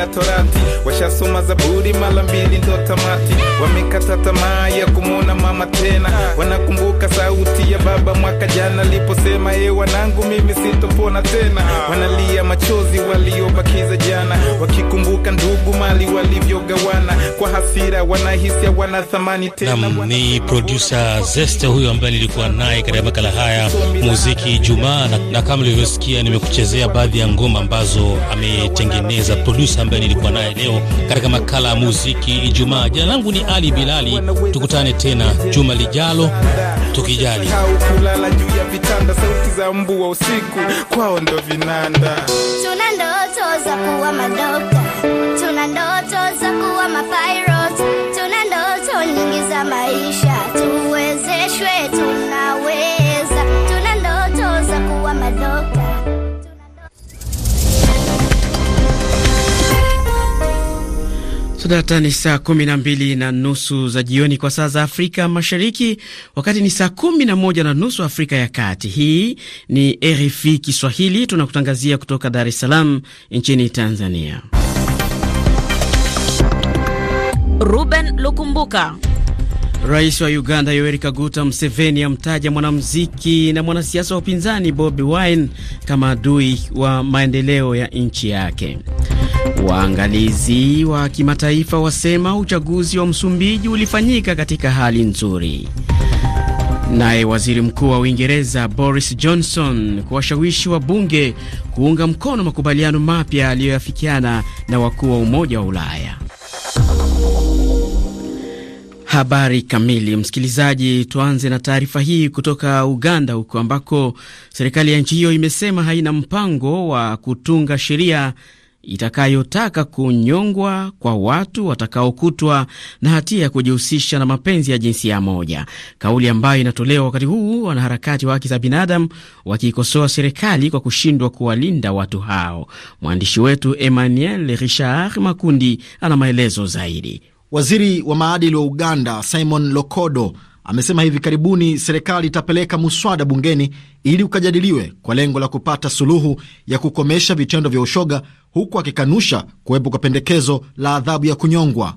ya Torati, washasoma Zaburi mara mbili ndo tamati. Wamekata tamaa ya kumwona mama tena, wanakumbuka sauti ya baba mwaka jana aliposema, e wanangu, mimi sitopona tena. Wanalia machozi waliobakiza jana, wakikumbuka ndugu, mali walivyogawana kwa hasira, wanahisi hawana thamani tena. Ni producer Zeste huyo ambaye nilikuwa naye katika makala haya muziki jumaa na, na kama ulivyosikia nimekuchezea baadhi ya ngoma ambazo ametengeneza producer ambaye nilikuwa naye leo katika makala ya muziki Ijumaa. Jina langu ni Ali Bilali, tukutane tena juma lijalo tukijali. Kulala juu ya vitanda, sauti za mbu wa usiku kwao ndo vinanda. Tuna ndoto za kuwa madokta, tuna ndoto za kuwa tuna ndoto nyingi za maisha, tuwezeshwe tu Sudata ni saa kumi na mbili na nusu za jioni kwa saa za Afrika Mashariki, wakati ni saa kumi na moja na nusu Afrika ya Kati. Hii ni RFI Kiswahili, tunakutangazia kutoka Dar es Salaam nchini Tanzania. Ruben Lukumbuka. Rais wa Uganda Yoweri Kaguta Museveni amtaja mwanamuziki na mwanasiasa wa upinzani Bobi Wine kama adui wa maendeleo ya nchi yake. Waangalizi wa kimataifa wasema uchaguzi wa Msumbiji ulifanyika katika hali nzuri. Naye waziri mkuu wa Uingereza Boris Johnson kuwashawishi wabunge kuunga mkono makubaliano mapya aliyoyafikiana na wakuu wa Umoja wa Ulaya. Habari kamili, msikilizaji. Tuanze na taarifa hii kutoka Uganda, huko ambako serikali ya nchi hiyo imesema haina mpango wa kutunga sheria itakayotaka kunyongwa kwa watu watakaokutwa na hatia ya kujihusisha na mapenzi ya jinsia moja, kauli ambayo inatolewa wakati huu wanaharakati wa haki za binadamu wakiikosoa serikali kwa kushindwa kuwalinda watu hao. Mwandishi wetu Emmanuel Richard Makundi ana maelezo zaidi. Waziri wa maadili wa Uganda Simon Lokodo amesema hivi karibuni serikali itapeleka muswada bungeni ili ukajadiliwe kwa lengo la kupata suluhu ya kukomesha vitendo vya ushoga, huku akikanusha kuwepo kwa pendekezo la adhabu ya kunyongwa.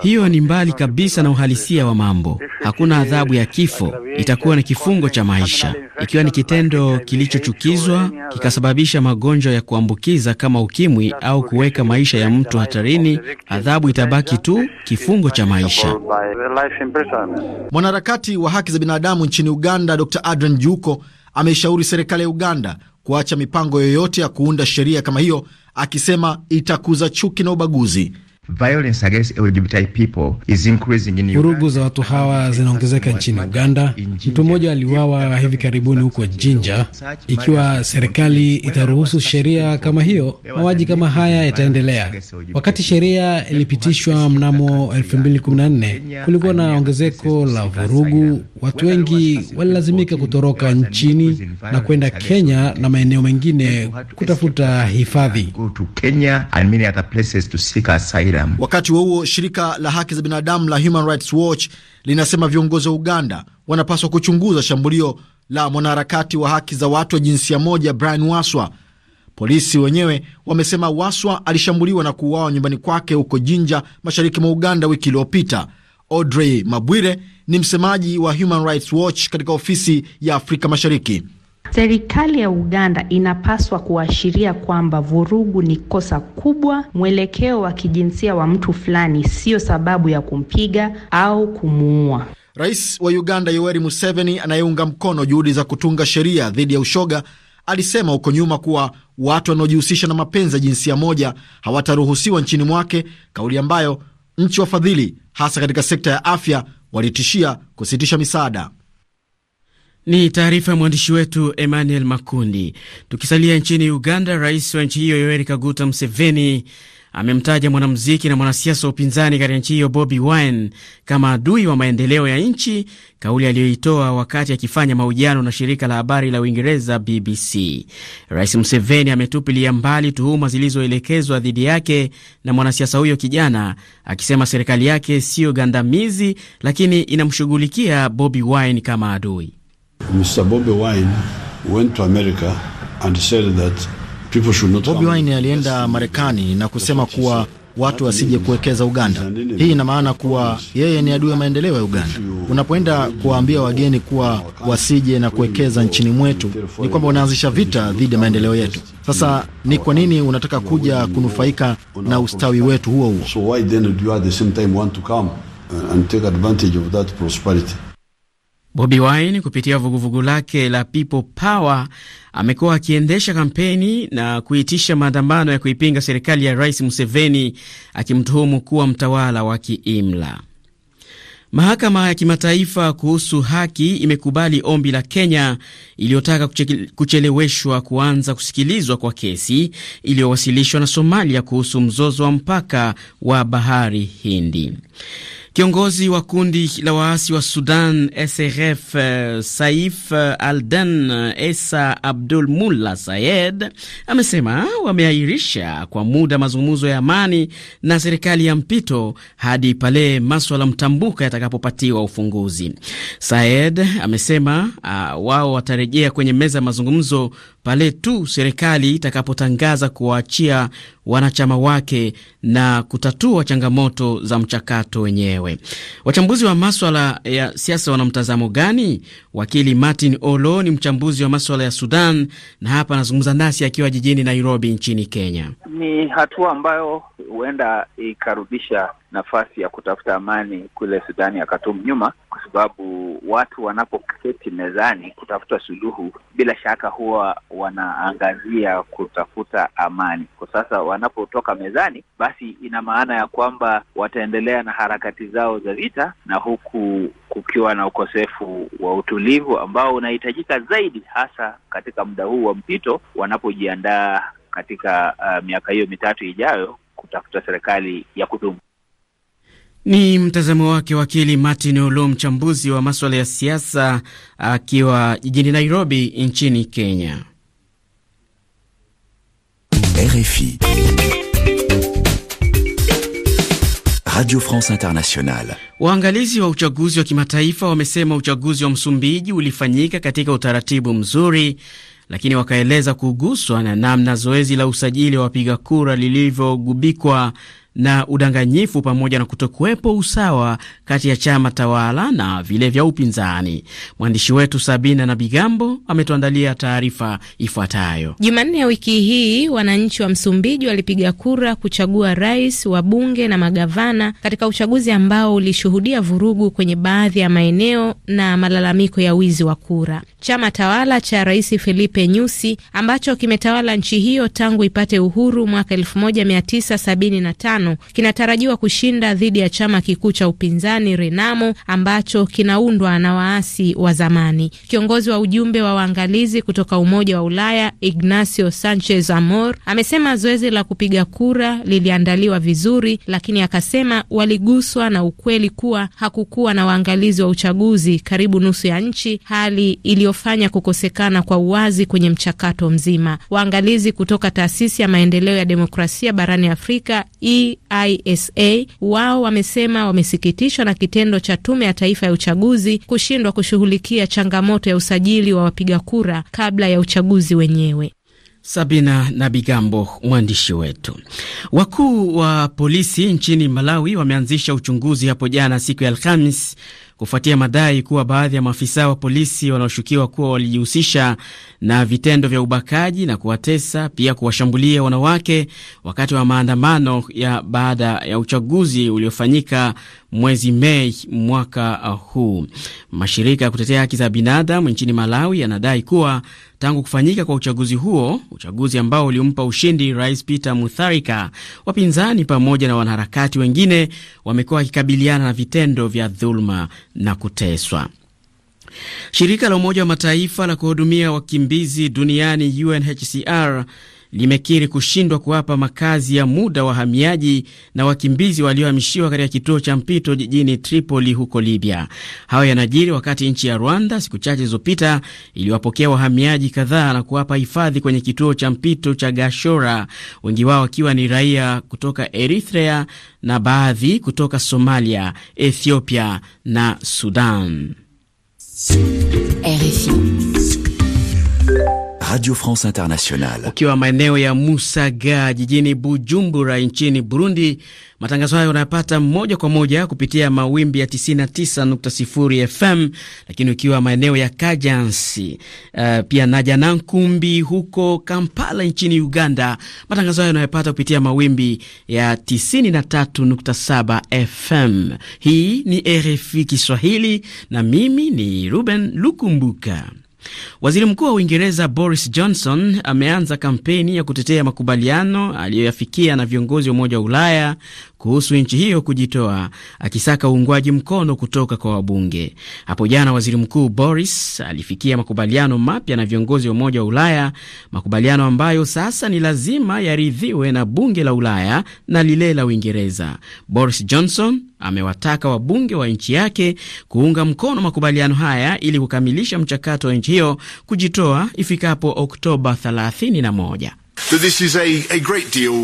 Hiyo ni mbali kabisa na uhalisia wa mambo. Hakuna adhabu ya kifo, itakuwa ni kifungo cha maisha ikiwa ni kitendo kilichochukizwa kikasababisha magonjwa ya kuambukiza kama ukimwi au kuweka maisha ya mtu hatarini. Adhabu itabaki tu kifungo cha maisha. Mwanaharakati wa haki za binadamu nchini Uganda Dr. Adrian Juko ameishauri serikali ya Uganda kuacha mipango yoyote ya kuunda sheria kama hiyo, akisema itakuza chuki na ubaguzi Violence against people is increasing in Uganda. Vurugu za watu hawa zinaongezeka nchini Uganda. Mtu mmoja aliuawa hivi karibuni huko Jinja. Ikiwa serikali itaruhusu sheria kama hiyo, mauaji kama haya yataendelea. Wakati sheria ilipitishwa mnamo 2014 kulikuwa na ongezeko la vurugu. Watu wengi walilazimika kutoroka nchini na kwenda Kenya na maeneo mengine kutafuta hifadhi binadamu. Wakati huo huo, shirika la haki za binadamu la Human Rights Watch linasema viongozi wa Uganda wanapaswa kuchunguza shambulio la mwanaharakati wa haki za watu wa jinsia moja Brian Waswa. Polisi wenyewe wamesema Waswa alishambuliwa na kuuawa nyumbani kwake huko Jinja, mashariki mwa Uganda wiki iliyopita. Audrey Mabwire ni msemaji wa Human Rights Watch katika ofisi ya Afrika Mashariki. Serikali ya Uganda inapaswa kuashiria kwamba vurugu ni kosa kubwa. Mwelekeo wa kijinsia wa mtu fulani siyo sababu ya kumpiga au kumuua. Rais wa Uganda Yoweri Museveni anayeunga mkono juhudi za kutunga sheria dhidi ya ushoga alisema huko nyuma kuwa watu wanaojihusisha na mapenzi ya jinsia moja hawataruhusiwa nchini mwake, kauli ambayo nchi wafadhili hasa katika sekta ya afya walitishia kusitisha misaada. Ni taarifa ya mwandishi wetu Emmanuel Makundi. Tukisalia nchini Uganda, rais wa nchi hiyo Yoweri Kaguta Museveni amemtaja mwanamuziki na mwanasiasa wa upinzani katika nchi hiyo Bobi Wine kama adui wa maendeleo ya nchi, kauli aliyoitoa wakati akifanya mahojiano na shirika la habari la Uingereza BBC. Rais Museveni ametupilia mbali tuhuma zilizoelekezwa dhidi yake na mwanasiasa huyo kijana, akisema serikali yake siyo gandamizi, lakini inamshughulikia Bobi Wine kama adui. Mr. Bobby Wine went to America and said that people should not Bobby Wine alienda Marekani na kusema kuwa watu wasije kuwekeza Uganda. Hii ina maana kuwa yeye ni adui ya maendeleo ya Uganda. Unapoenda kuwaambia wageni kuwa wasije na kuwekeza nchini mwetu, ni kwamba unaanzisha vita dhidi ya maendeleo yetu. Sasa ni kwa nini unataka kuja kunufaika na ustawi wetu huo huo? So why then do you at the same time want to come uh, and take advantage of that prosperity? Bobi Wine kupitia vuguvugu lake la People Power amekuwa akiendesha kampeni na kuitisha maandamano ya kuipinga serikali ya Rais Museveni, akimtuhumu kuwa mtawala wa kiimla. Mahakama ya Kimataifa kuhusu Haki imekubali ombi la Kenya iliyotaka kucheleweshwa kuanza kusikilizwa kwa kesi iliyowasilishwa na Somalia kuhusu mzozo wa mpaka wa Bahari Hindi. Kiongozi wa kundi la waasi wa Sudan SRF eh, Saif eh, Aldan Esa eh, Abdul Mulla Sayed amesema wameahirisha kwa muda mazungumzo ya amani na serikali ya mpito hadi pale maswala mtambuka yatakapopatiwa ufunguzi. Sayed amesema uh, wao watarejea kwenye meza ya mazungumzo pale tu serikali itakapotangaza kuwaachia wanachama wake na kutatua changamoto za mchakato wenyewe. Wachambuzi wa maswala ya siasa wana mtazamo gani? Wakili Martin Olo ni mchambuzi wa maswala ya Sudan na hapa anazungumza nasi akiwa jijini Nairobi nchini Kenya. Ni hatua ambayo huenda ikarudisha nafasi ya kutafuta amani kule Sudani ya Khartoum nyuma, sababu watu wanapoketi mezani kutafuta suluhu, bila shaka huwa wanaangazia kutafuta amani. Kwa sasa wanapotoka mezani, basi ina maana ya kwamba wataendelea na harakati zao za vita, na huku kukiwa na ukosefu wa utulivu ambao unahitajika zaidi, hasa katika muda huu wa mpito, wanapojiandaa katika uh, miaka hiyo mitatu ijayo kutafuta serikali ya kudumu. Ni mtazamo wake wakili Martin Olo, mchambuzi wa maswala ya siasa, akiwa jijini Nairobi nchini Kenya. RFI Radio France Internationale. Waangalizi wa uchaguzi wa kimataifa wamesema uchaguzi wa Msumbiji ulifanyika katika utaratibu mzuri, lakini wakaeleza kuguswa na namna zoezi la usajili wa wapiga kura lilivyogubikwa na udanganyifu pamoja na kutokuwepo usawa kati ya chama tawala na vile vya upinzani. Mwandishi wetu Sabina na Bigambo ametuandalia taarifa ifuatayo. Jumanne ya wiki hii wananchi wa Msumbiji walipiga kura kuchagua rais, wabunge na magavana katika uchaguzi ambao ulishuhudia vurugu kwenye baadhi ya maeneo na malalamiko ya wizi wa kura. Chama tawala cha Rais Filipe Nyusi ambacho kimetawala nchi hiyo tangu ipate uhuru mwaka 1975 tano kinatarajiwa kushinda dhidi ya chama kikuu cha upinzani Renamo ambacho kinaundwa na waasi wa zamani. Kiongozi wa ujumbe wa waangalizi kutoka Umoja wa Ulaya Ignacio Sanchez Amor amesema zoezi la kupiga kura liliandaliwa vizuri, lakini akasema waliguswa na ukweli kuwa hakukuwa na waangalizi wa uchaguzi karibu nusu ya nchi, hali iliyofanya kukosekana kwa uwazi kwenye mchakato mzima. Waangalizi kutoka taasisi ya maendeleo ya demokrasia barani Afrika e TISA wao wamesema wamesikitishwa na kitendo cha Tume ya Taifa ya Uchaguzi kushindwa kushughulikia changamoto ya usajili wa wapiga kura kabla ya uchaguzi wenyewe. Sabina na Bigambo, mwandishi wetu. Wakuu wa polisi nchini Malawi wameanzisha uchunguzi hapo jana siku ya Alhamis kufuatia madai kuwa baadhi ya maafisa wa polisi wanaoshukiwa kuwa walijihusisha na vitendo vya ubakaji na kuwatesa, pia kuwashambulia wanawake wakati wa maandamano ya baada ya uchaguzi uliofanyika mwezi Mei mwaka uh, huu. Mashirika ya kutetea haki za binadamu nchini Malawi yanadai kuwa tangu kufanyika kwa uchaguzi huo, uchaguzi ambao ulimpa ushindi Rais Peter Mutharika, wapinzani pamoja na wanaharakati wengine wamekuwa wakikabiliana na vitendo vya dhuluma na kuteswa. Shirika la Umoja wa Mataifa la kuhudumia wakimbizi duniani UNHCR limekiri kushindwa kuwapa makazi ya muda wahamiaji na wakimbizi waliohamishiwa katika kituo cha mpito jijini Tripoli huko Libya. Hayo yanajiri wakati nchi ya Rwanda siku chache zilizopita iliwapokea wahamiaji kadhaa na kuwapa hifadhi kwenye kituo cha mpito cha Gashora, wengi wao wakiwa ni raia kutoka Eritrea na baadhi kutoka Somalia, Ethiopia na Sudan. RFI. Radio France Internationale. Ukiwa maeneo ya Musaga jijini Bujumbura nchini Burundi, matangazo hayo unayapata moja kwa moja kupitia mawimbi ya 99.0 FM, lakini ukiwa maeneo ya Kajansi uh, pia naja Nankumbi huko Kampala nchini Uganda, matangazo hayo unayapata kupitia mawimbi ya 93.7 FM. Hii ni RFI Kiswahili na mimi ni Ruben Lukumbuka. Waziri Mkuu wa Uingereza Boris Johnson ameanza kampeni ya kutetea makubaliano aliyoyafikia na viongozi wa Umoja wa Ulaya kuhusu nchi hiyo kujitoa, akisaka uungwaji mkono kutoka kwa wabunge. Hapo jana waziri mkuu Boris alifikia makubaliano mapya na viongozi wa Umoja wa Ulaya, makubaliano ambayo sasa ni lazima yaridhiwe na bunge la Ulaya na lile la Uingereza. Boris Johnson amewataka wabunge wa nchi yake kuunga mkono makubaliano haya ili kukamilisha mchakato wa nchi hiyo kujitoa ifikapo Oktoba 31.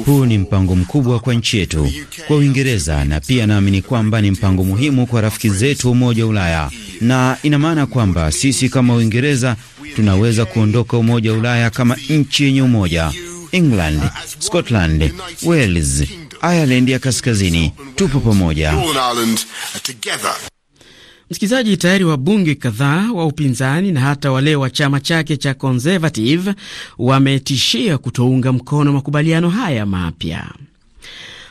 Huu ni mpango mkubwa kwa nchi yetu, kwa Uingereza, na pia naamini kwamba ni mpango muhimu kwa rafiki zetu Umoja wa Ulaya, na ina maana kwamba sisi kama Uingereza tunaweza kuondoka Umoja wa Ulaya kama nchi yenye umoja. England, Scotland, Wales, Ireland ya Kaskazini, tupo pamoja. Msikilizaji, tayari wabunge kadhaa wa upinzani na hata wale wa chama chake cha Conservative wametishia kutounga mkono makubaliano haya mapya.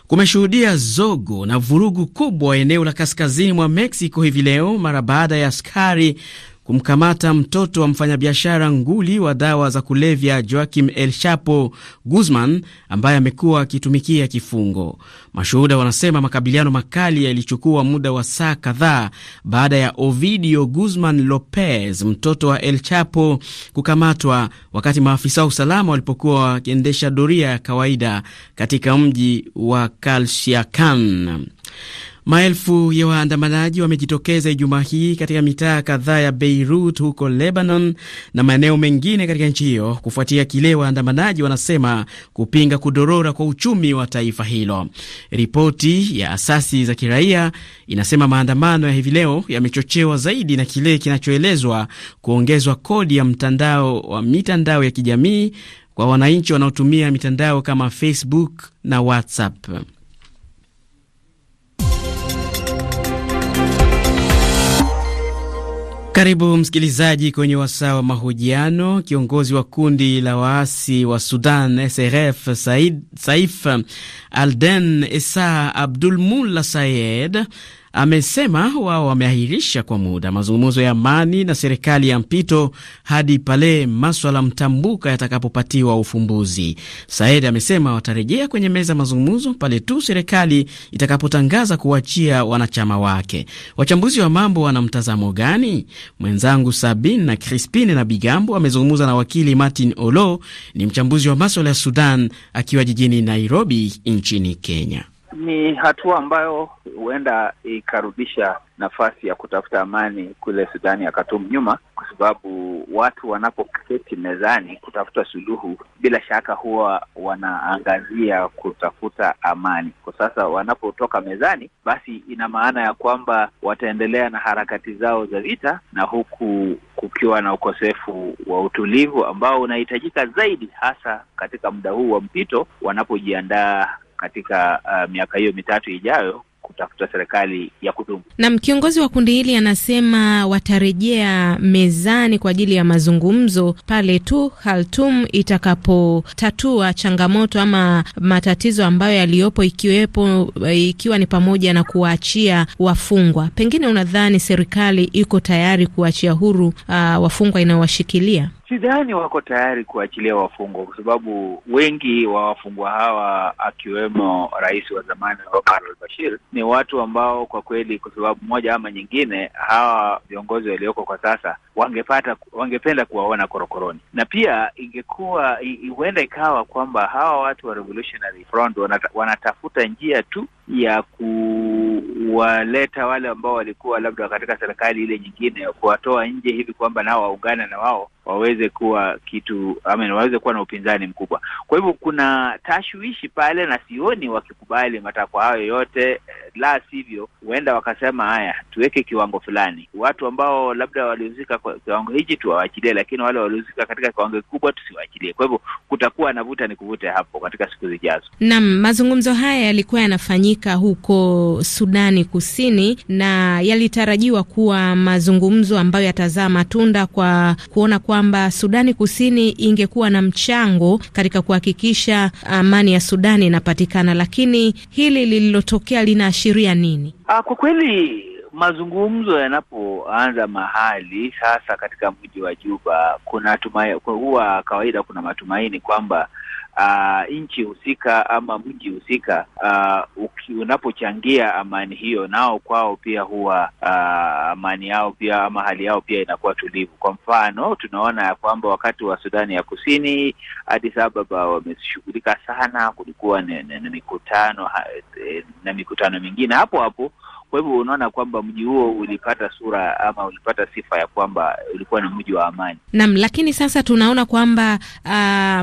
Kumeshuhudia zogo na vurugu kubwa eneo la kaskazini mwa Mexico hivi leo mara baada ya askari kumkamata mtoto wa mfanyabiashara nguli wa dawa za kulevya Joaquim El Chapo Guzman ambaye amekuwa akitumikia kifungo. Mashuhuda wanasema makabiliano makali yalichukua muda wa saa kadhaa baada ya Ovidio Guzman Lopez, mtoto wa El Chapo, kukamatwa wakati maafisa wa usalama walipokuwa wakiendesha doria ya kawaida katika mji wa Calsiacan. Maelfu ya waandamanaji wamejitokeza Ijumaa hii katika mitaa kadhaa ya Beirut huko Lebanon na maeneo mengine katika nchi hiyo kufuatia kile waandamanaji wanasema kupinga kudorora kwa uchumi wa taifa hilo. Ripoti ya asasi za kiraia inasema maandamano ya hivi leo yamechochewa zaidi na kile kinachoelezwa kuongezwa kodi ya mtandao wa mitandao ya kijamii kwa wananchi wanaotumia mitandao kama Facebook na WhatsApp. Karibu msikilizaji kwenye wasaa wa mahojiano. Kiongozi wa kundi la waasi wa Sudan SRF Said, Saif Alden Esa Abdul Mulla Sayed amesema wao wameahirisha kwa muda mazungumzo ya amani na serikali ya mpito hadi pale maswala mtambuka yatakapopatiwa ufumbuzi. Said amesema watarejea kwenye meza mazungumzo pale tu serikali itakapotangaza kuachia wanachama wake. Wachambuzi wa mambo wana mtazamo gani? Mwenzangu Sabin na Crispine na Bigambo amezungumza na wakili Martin Olo, ni mchambuzi wa maswala ya Sudan akiwa jijini Nairobi nchini Kenya ni hatua ambayo huenda ikarudisha nafasi ya kutafuta amani kule Sudani ya Khartoum nyuma, kwa sababu watu wanapoketi mezani kutafuta suluhu, bila shaka huwa wanaangazia kutafuta amani. Kwa sasa wanapotoka mezani, basi ina maana ya kwamba wataendelea na harakati zao za vita, na huku kukiwa na ukosefu wa utulivu ambao unahitajika zaidi, hasa katika muda huu wa mpito wanapojiandaa katika uh, miaka hiyo mitatu ijayo kutafuta serikali ya kudumu. Nam kiongozi wa kundi hili anasema watarejea mezani kwa ajili ya mazungumzo pale tu Khartoum itakapotatua changamoto ama matatizo ambayo yaliyopo, ikiwepo ikiwa ni pamoja na kuwaachia wafungwa. Pengine unadhani serikali iko tayari kuwaachia huru uh, wafungwa inayowashikilia? sidhani wako tayari kuachilia wafungwa, kwa sababu wengi wa wafungwa hawa akiwemo rais wa zamani Omar al-Bashir ni watu ambao kwa kweli, kwa sababu moja ama nyingine, hawa viongozi walioko kwa sasa wangepata wangependa kuwaona korokoroni, na pia ingekuwa huenda ikawa kwamba hawa watu wa Revolutionary Front wanata, wanatafuta njia tu ya kuwaleta wale ambao walikuwa labda katika serikali ile nyingine, kuwatoa nje hivi kwamba nao waungane na wao waweze kuwa kitu amen, waweze kuwa na upinzani mkubwa. Kwa hivyo kuna tashwishi pale, na sioni wakikubali matakwa hayo yote, eh, la sivyo huenda wakasema haya, tuweke kiwango fulani, watu ambao labda walihusika kwa kiwango hichi tuwawachilie lakini wale walihusika katika kiwango kikubwa tusiwaachilie. Kwa hivyo kutakuwa na vuta ni kuvute hapo katika siku zijazo. Naam, mazungumzo haya yalikuwa yanafanyika huko Sudani Kusini na yalitarajiwa kuwa mazungumzo ambayo yatazaa matunda kwa kuona kwa kwamba Sudani Kusini ingekuwa na mchango katika kuhakikisha amani ya Sudani inapatikana, lakini hili lililotokea linaashiria nini? Ah, kwa kweli mazungumzo yanapoanza mahali hasa katika mji wa Juba kuna tumai, huwa kawaida kuna matumaini kwamba uh, nchi husika ama mji husika uh, unapochangia amani hiyo, nao kwao pia huwa uh, amani yao pia ama hali yao pia inakuwa tulivu. Kwa mfano, tunaona ya kwamba wakati wa Sudani ya Kusini, Addis Ababa wameshughulika sana, kulikuwa na mikutano eh, na mikutano mingine hapo hapo kwa hivyo unaona kwamba mji huo ulipata sura ama ulipata sifa ya kwamba ulikuwa ni mji wa amani. Naam, lakini sasa tunaona kwamba uh,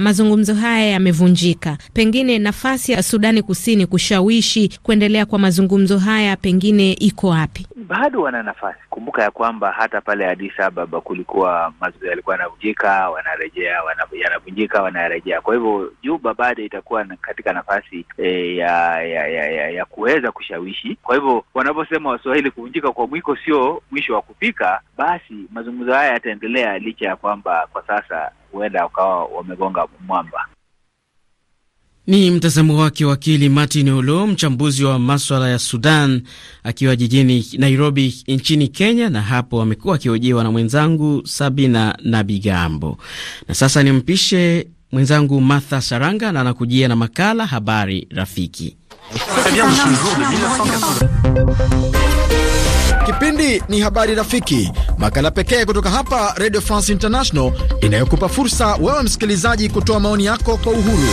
mazungumzo haya yamevunjika. Pengine nafasi ya Sudani Kusini kushawishi kuendelea kwa mazungumzo haya pengine iko wapi? bado wana nafasi. Kumbuka ya kwamba hata pale Addis Ababa kulikuwa mazoea yalikuwa yanavunjika, wanarejea, yanavunjika, wanarejea. Kwa hivyo Juba bado itakuwa katika nafasi e, ya ya, ya, ya, ya kuweza kushawishi. Kwa hivyo wanavyosema Waswahili, kuvunjika kwa mwiko sio mwisho wa kupika, basi mazungumzo haya yataendelea licha ya kwamba kwa sasa huenda wakawa wamegonga mwamba. Ni mtazamo wake wakili Martin Olo, mchambuzi wa maswala ya Sudan, akiwa jijini Nairobi nchini Kenya. Na hapo amekuwa akihojiwa na mwenzangu Sabina na Bigambo. Na sasa ni mpishe mwenzangu Martha Saranga, na anakujia na makala Habari Rafiki. Kipindi ni habari rafiki, makala pekee kutoka hapa Radio France International inayokupa fursa wewe msikilizaji kutoa maoni yako kwa uhuru.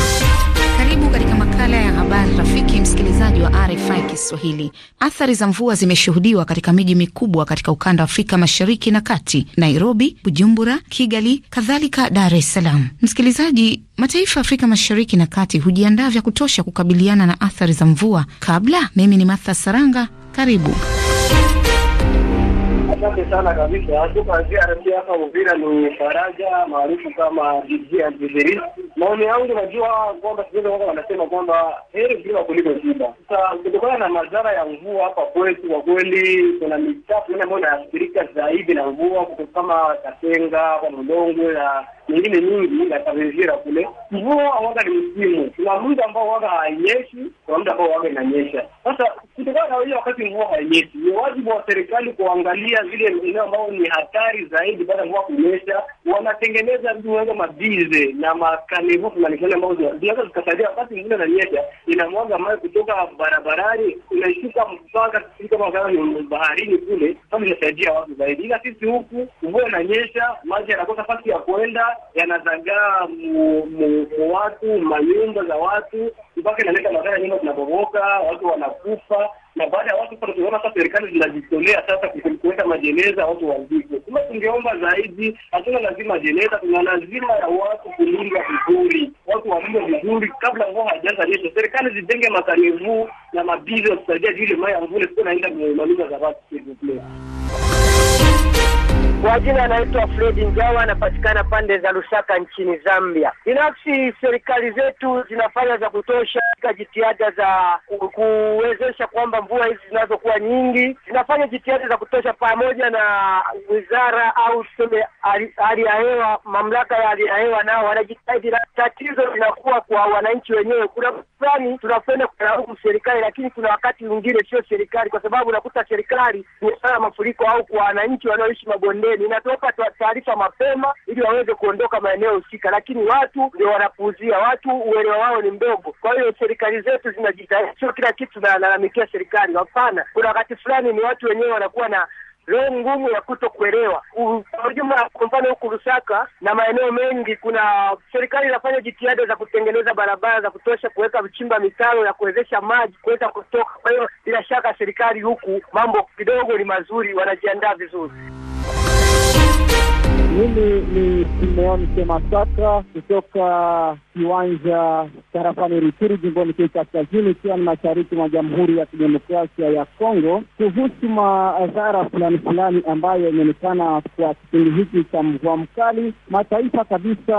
Karibu katika makala ya habari rafiki, msikilizaji wa RFI Kiswahili. Athari za mvua zimeshuhudiwa katika miji mikubwa katika ukanda wa Afrika Mashariki na Kati: Nairobi, Bujumbura, Kigali, kadhalika Dar es Salaam. Msikilizaji, mataifa ya Afrika Mashariki na Kati hujiandaa vya kutosha kukabiliana na athari za mvua kabla. Mimi ni Martha Saranga, karibu Asante sana kabisa. Kuanzia RFI hapa Uvira ni Faraja maarufu kama DJ Azizi. Maoni yangu, najua kwamba siku wao wanasema kwamba heri bila kuliko shida. Sasa kutokana na madhara ya mvua hapa kwetu, kwa kweli kuna mitaa fulani ambayo inaathirika zaidi na mvua, kama Kasenga kwa Mdongo na nyingine nyingi na Kavivira kule. Mvua waga ni msimu, kuna muda ambao waga hainyeshi, kuna muda ambao waga inanyesha. Sasa kutokana na hiyo, wakati mvua hainyeshi, ni wajibu wa serikali kuangalia vile eneo ambao ni hatari zaidi baada ya mvua kunyesha, wanatengeneza vitu mabize na makanevu fulani fulani ambao zinaweza zikasaidia wakati mwingine unanyesha, inamwaga maji kutoka barabarani inashuka mpaka kama baharini kule, kama inasaidia watu zaidi. Ila sisi huku mvua inanyesha, maji yanakosa fasi ya kwenda, yanazagaa watu manyumba za watu, mpaka inaleta madhara nyingi, tunabomoka, watu wanakufa na baada ya watu tunaona sasa serikali zinajitolea sasa kuweka majeneza watu wazikwe. Kama tungeomba zaidi, hatuna lazima jeneza, tuna lazima ya watu kulindwa vizuri, watu walindwe vizuri kabla ngoo haijaanza nyesha. Serikali zijenge makanevu na mabizi ya kusaidia juu ile mai ya mvua isiponaenda manyumba za watu. Kwa jina anaitwa Fredi Njawa, anapatikana pande za Lusaka nchini Zambia. Binafsi serikali zetu zinafanya za kutosha katika jitihada za kuwezesha kwamba mvua hizi zinazokuwa nyingi, zinafanya jitihada za kutosha pamoja na wizara au tuseme hali ya hewa, mamlaka ya hali ya hewa, nao wanajitahidi. Tatizo linakuwa kwa wananchi wenyewe. Kuna fulani tunapenda kulaumu serikali, lakini kuna wakati mwingine sio serikali, kwa sababu unakuta serikali ni mafuriko au kwa wananchi wanaoishi mabonde e, ninatoka taarifa mapema ili waweze kuondoka maeneo husika, lakini watu ndio wanapuuzia, watu uelewa wao ni mdogo. Kwa hiyo serikali zetu zinajitahidi, sio kila kitu nalalamikia serikali, hapana. Kuna wakati fulani ni watu wenyewe wanakuwa na roho ngumu ya kuto kuelewa kwa ujumla. Kwa mfano huku Lusaka na maeneo mengi, kuna serikali inafanya jitihada za kutengeneza barabara za kutosha, kuweka vichimba mitaro ya kuwezesha maji kuweza kutoka. Kwa hiyo bila shaka serikali huku mambo kidogo ni mazuri, wanajiandaa vizuri. Mimi ni Simeoni Semasaka kutoka kiwanja tarafani Ruchuru jimboni Kivu Kaskazini, ikiwa ni mashariki mwa Jamhuri ya Kidemokrasia ya Kongo, kuhusu madhara fulani fulani ambayo yameonekana kwa kipindi hiki cha mvua mkali. Mataifa kabisa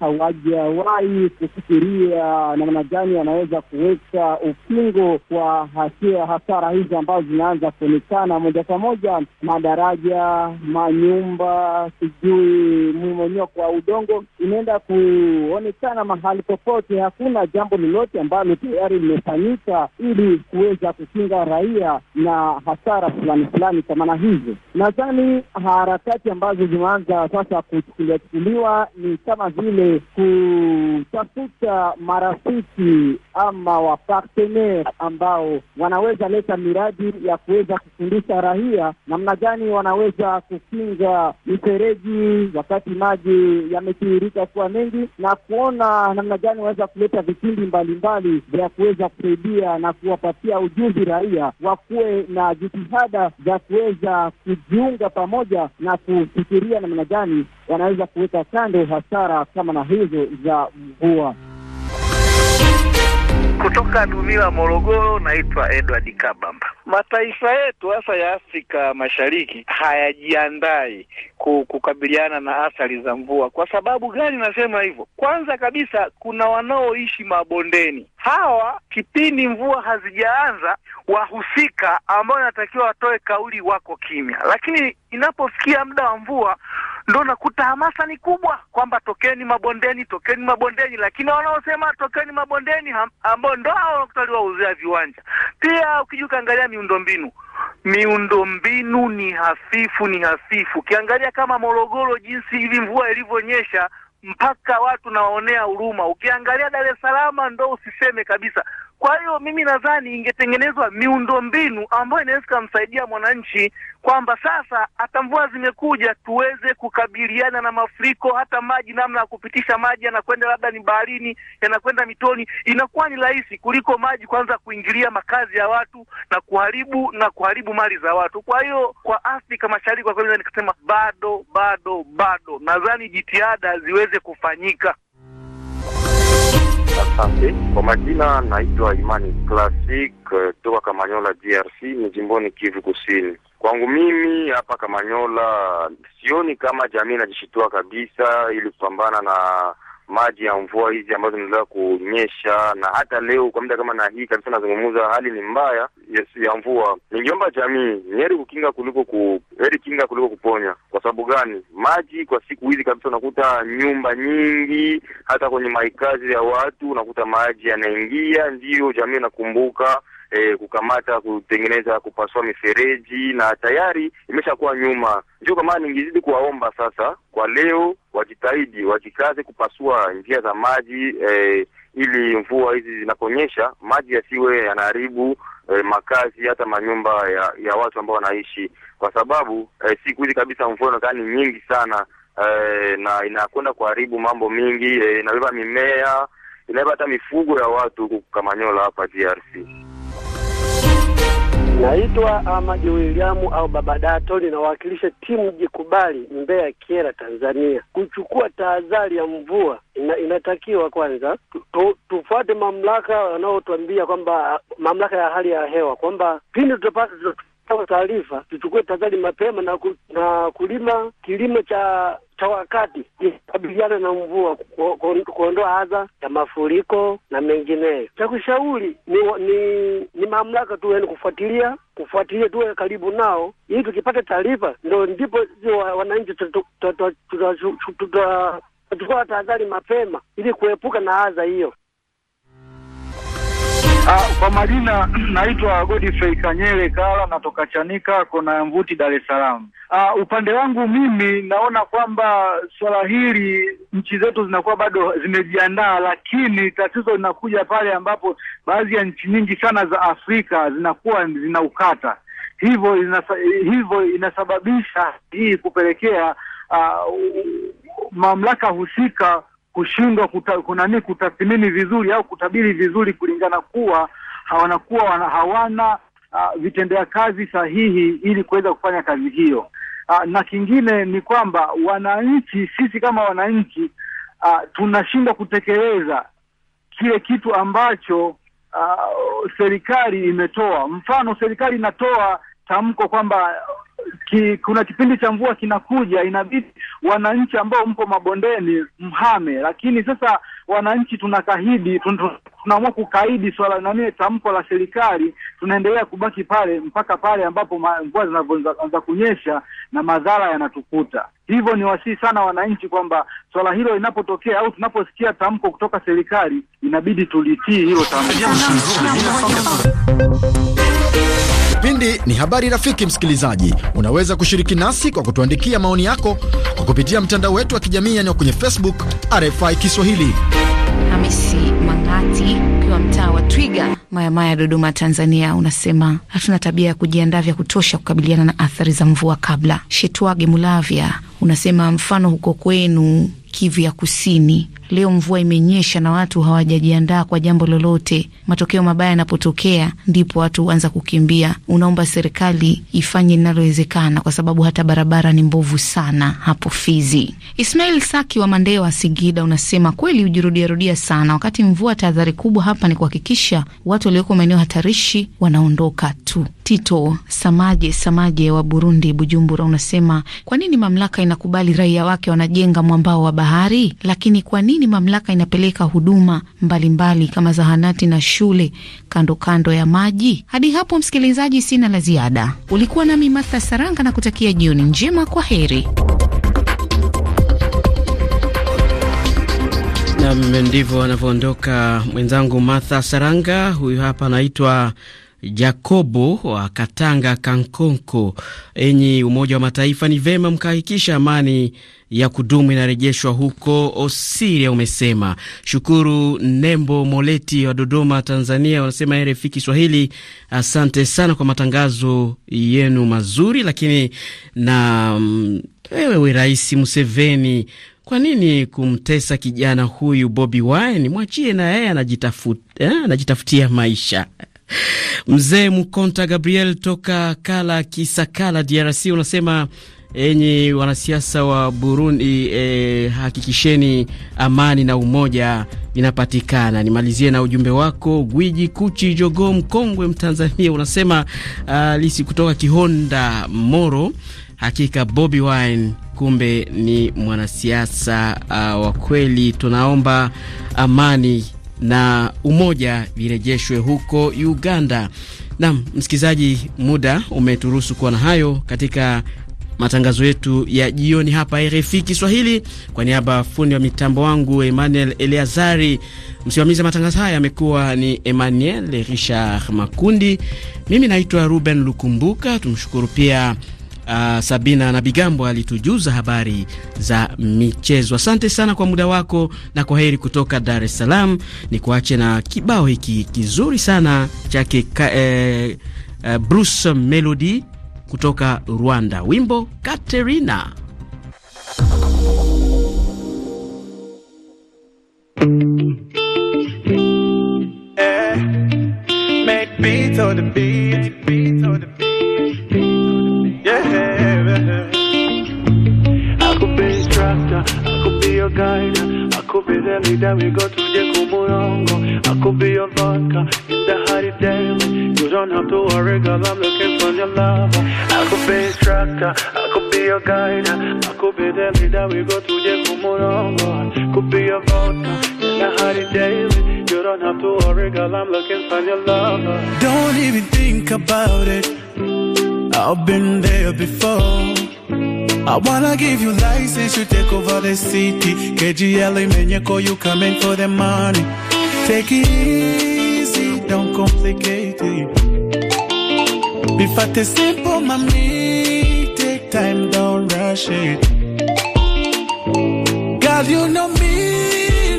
hawajawahi kufikiria namna gani wanaweza kuweka ukingo kwa hasia hasara hizo ambazo zinaanza kuonekana moja kwa moja, madaraja, manyumba, sijui mmonyoko wa udongo inaenda kuonekana mahali popote hakuna jambo lolote ambalo tayari limefanyika ili kuweza kukinga raia na hasara fulani fulani kwa maana hizo. Nadhani harakati ambazo zimeanza sasa kuchukuliwa chukuliwa ni kama vile kutafuta marafiki ama wapartener ambao wanaweza leta miradi ya kuweza kufundisha raia namna gani wanaweza kukinga mifereji wakati maji yametiririka kuwa mengi na kuona namna gani waweza kuleta vipindi mbalimbali vya kuweza kusaidia na kuwapatia ujuzi raia, wakuwe na jitihada za kuweza kujiunga pamoja na kufikiria namna gani wanaweza kuweka kando hasara kama na hizo za mvua. Kutoka Dumila, Morogoro, naitwa Edward Kabamba. Mataifa yetu hasa ya Afrika Mashariki hayajiandai kukabiliana na athari za mvua. Kwa sababu gani nasema hivyo? Kwanza kabisa, kuna wanaoishi mabondeni hawa kipindi mvua hazijaanza, wahusika ambao inatakiwa watoe kauli wako kimya, lakini inapofikia muda wa mvua ndo nakuta hamasa ni kubwa, kwamba tokeni mabondeni, tokeni mabondeni. Lakini wanaosema tokeni mabondeni ambao ndo hao wanakuta waliwauzia viwanja. Pia ukija ukaangalia miundombinu miundombinu ni hafifu, ni hafifu. Ukiangalia kama Morogoro, jinsi hivi mvua ilivyonyesha mpaka watu nawaonea huruma. Ukiangalia Dar es Salaam ndo usiseme kabisa, kwa hiyo mimi nadhani ingetengenezwa miundombinu ambayo inaweza ikamsaidia mwananchi kwamba sasa hata mvua zimekuja, tuweze kukabiliana na mafuriko, hata maji, namna ya kupitisha maji yanakwenda labda ni baharini, yanakwenda mitoni, inakuwa ni rahisi kuliko maji kwanza kuingilia makazi ya watu na kuharibu na kuharibu mali za watu. Kwa hiyo kwa Afrika Mashariki, kwa kweli nikasema bado bado bado, nadhani jitihada ziweze kufanyika. Asante kwa majina, naitwa Imani Classic eh, toka Kamanyola, DRC, ni jimboni Kivu Kusini. Kwangu mimi hapa Kamanyola sioni kama jamii inajishitua kabisa ili kupambana na maji ya mvua hizi ambazo zinaendelea kunyesha, na hata leo kwa muda kama na hii kabisa nazungumza, hali ni mbaya yes, ya mvua. Ningeomba jamii ni heri kukinga kuliko ku, heri kinga kuliko kuponya. Kwa sababu gani? Maji kwa siku hizi kabisa, unakuta nyumba nyingi, hata kwenye maikazi ya watu unakuta maji yanaingia, ndiyo jamii inakumbuka eh, kukamata, kutengeneza, kupasua mifereji na tayari imeshakuwa nyuma. Ndio maana ningizidi kuwaomba sasa kwa leo wajitahidi, wajikaze kupasua njia za maji eh, ili mvua hizi zinaponyesha maji yasiwe yanaharibu eh, makazi hata manyumba ya, ya watu ambao wanaishi, kwa sababu eh, siku hizi kabisa mvua inaonekana ni nyingi sana eh, na inakwenda kuharibu mambo mingi eh, inabeba mimea, inabeba hata mifugo ya watu huku Kamanyola hapa DRC. Naitwa Amadi Williamu au Baba Dato, ninawakilisha timu Jikubali Mbeya kiera Tanzania. Kuchukua tahadhari ya mvua ina, inatakiwa kwanza tu, tufuate mamlaka wanaotuambia kwamba mamlaka ya hali ya hewa kwamba pindi tutapata taarifa tuchukue tahadhari mapema na, ku, na kulima kilimo cha cha wakati kukabiliana na mvua, kuondoa adha ya mafuriko na mengineyo. Cha kushauri ni, ni, ni mamlaka tu yaani kufuatilia kufuatilia tuwe karibu nao, ili tukipata taarifa ndo ndipo wananchi tutachukua tahadhari mapema ili kuepuka na adha hiyo. Ah, kwa majina naitwa Godfrey Kanyele Kala, natoka Chanika kona Mvuti, Dar es Salaam. Ah, upande wangu mimi naona kwamba swala hili nchi zetu zinakuwa bado zimejiandaa, lakini tatizo linakuja pale ambapo baadhi ya nchi nyingi sana za Afrika zinakuwa zinaukata, hivyo inasa, hivyo inasababisha hii kupelekea ah, mamlaka husika kushindwa kuta, kunani kutathmini vizuri au kutabiri vizuri kulingana kuwa hawanakuwa wana, hawana uh, vitendea kazi sahihi ili kuweza kufanya kazi hiyo. Uh, na kingine ni kwamba wananchi, sisi kama wananchi uh, tunashindwa kutekeleza kile kitu ambacho uh, serikali imetoa. Mfano, serikali inatoa tamko kwamba ki, kuna kipindi cha mvua kinakuja, inabidi wananchi ambao mko mabondeni mhame, lakini sasa wananchi tunakahidi tun, tun, tunaamua kukaidi swala nani tamko la serikali, tunaendelea kubaki pale mpaka pale ambapo mvua zinaanza kunyesha na madhara yanatukuta. Hivyo ni wasihi sana wananchi kwamba swala hilo linapotokea au tunaposikia tamko kutoka serikali inabidi tulitii hilo tamko. Kipindi ni habari rafiki. Msikilizaji, unaweza kushiriki nasi kwa kutuandikia maoni yako kwa kupitia mtandao wetu wa kijamii yaani kwenye Facebook RFI Kiswahili. Hamisi Mangati ukiwa mtaa wa Twiga Mayamaya, Dodoma, Tanzania, unasema hatuna tabia ya kujiandaa vya kutosha kukabiliana na athari za mvua kabla. Shetwage Mulavya unasema mfano huko kwenu Kivu ya Kusini, leo mvua imenyesha na watu hawajajiandaa kwa jambo lolote. Matokeo mabaya yanapotokea, ndipo watu huanza kukimbia. Unaomba serikali ifanye linalowezekana, kwa sababu hata barabara ni mbovu sana hapo Fizi. Ismail Saki wa Mandeo wa Sigida unasema kweli hujirudiarudia sana wakati mvua. Tahadhari kubwa hapa ni kuhakikisha watu walioko maeneo hatarishi wanaondoka tu. Tito Samaje Samaje wa Burundi, Bujumbura, unasema kwa nini mamlaka ina anakubali raia wake wanajenga mwambao wa bahari, lakini kwa nini mamlaka inapeleka huduma mbalimbali mbali kama zahanati na shule kando kando ya maji? Hadi hapo msikilizaji, sina la ziada. Ulikuwa nami Martha Saranga na kutakia jioni njema, kwa heri. Nam, ndivyo anavyoondoka mwenzangu Martha Saranga. Huyu hapa anaitwa Jacobo wa Katanga Kankonko, enyi Umoja wa Mataifa, ni vema mkahakikisha amani ya kudumu inarejeshwa huko Osiria, umesema. Shukuru Nembo Moleti wa Dodoma, Tanzania, wanasema RFI Kiswahili, asante sana kwa matangazo yenu mazuri. Lakini na mm, wewe Rais Museveni, kwa nini kumtesa kijana huyu Bobi Wine? Mwachie na yeye eh, anajitafutia maisha. Mzee Mkonta Gabriel toka Kala Kisakala, DRC, unasema enyi wanasiasa wa Burundi, eh, hakikisheni amani na umoja inapatikana. Nimalizie na ujumbe wako Gwiji Kuchi Jogo, mkongwe Mtanzania, unasema uh, lisi kutoka Kihonda, Moro. Hakika Bobi Wine kumbe ni mwanasiasa uh, wa kweli. Tunaomba amani na umoja virejeshwe huko Uganda. nam msikilizaji, muda umeturuhusu kuwa na hayo katika matangazo yetu ya jioni hapa RFI Kiswahili. Kwa niaba ya fundi wa mitambo wangu Emmanuel Eleazari, msimamizi wa matangazo haya amekuwa ni Emmanuel Richard Makundi, mimi naitwa Ruben Lukumbuka. Tumshukuru pia Uh, Sabina na Bigambo alitujuza habari za michezo. Asante sana kwa muda wako na kwa heri kutoka Dar es Salaam. Ni kuache na kibao hiki kizuri sana chake eh, eh, Bruce Melody kutoka Rwanda, wimbo Katerina. Eh, make beats on the beat, beats on the beat. your guide. I could be the leader, we go to the Kumurongo. I could be your vodka in the hot damn. You don't have to worry, girl, I'm looking for your lover. I could be a tracker, I could be your guide. I could be the leader, we go to the Kumurongo. I could be your vodka in the hot damn. You don't have to worry, girl, I'm looking for your lover. Don't even think about it. I've been there before I wanna give you license, to take over the city. KGL call you coming for the money. Take it easy, don't complicate it. Be fat simple, mommy. Take time, don't rush it. God, you know me,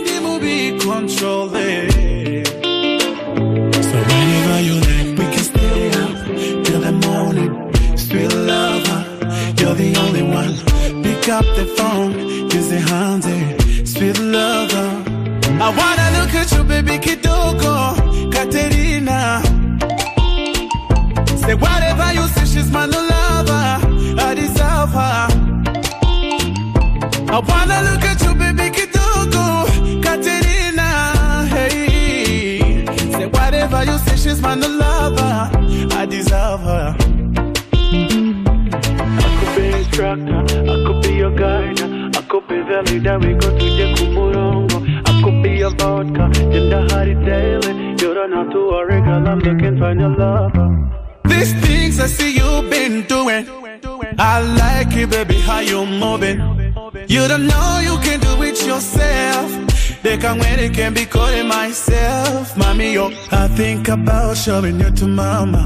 the movie control So whenever you up the phone, yüzü hanze Sweet lover I wanna look at you baby kidogo Katerina Say whatever you say she's my new lover I deserve her I wanna look at you baby kidogo Katerina Hey Say whatever you say she's my new lover I deserve her I could be a your garden. I could be valley we go to the Kumurongo. I could your vodka, in the Hari daily. You don't have to worry, girl, I'm looking for your lover. These things I see you've been doing. I like it, baby, how you moving. You don't know you can do it yourself. They can when they can not be calling myself, mommy. Yo, I think about showing you to mama.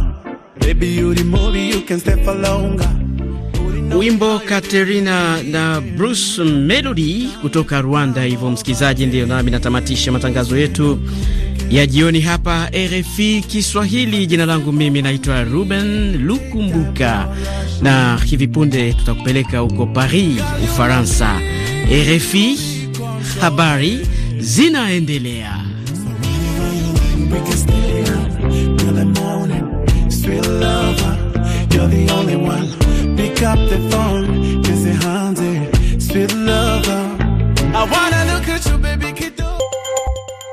Baby, you the movie, you can stay for longer. wimbo Katerina na Bruce Melody kutoka Rwanda. Hivyo msikilizaji, ndiyo nami natamatisha matangazo yetu ya jioni hapa RFI Kiswahili. Jina langu mimi naitwa Ruben Lukumbuka, na hivi punde tutakupeleka huko Paris, Ufaransa. RFI, habari zinaendelea. Pick up the phone, cause hands handy, spit love out. I wanna look at you, baby,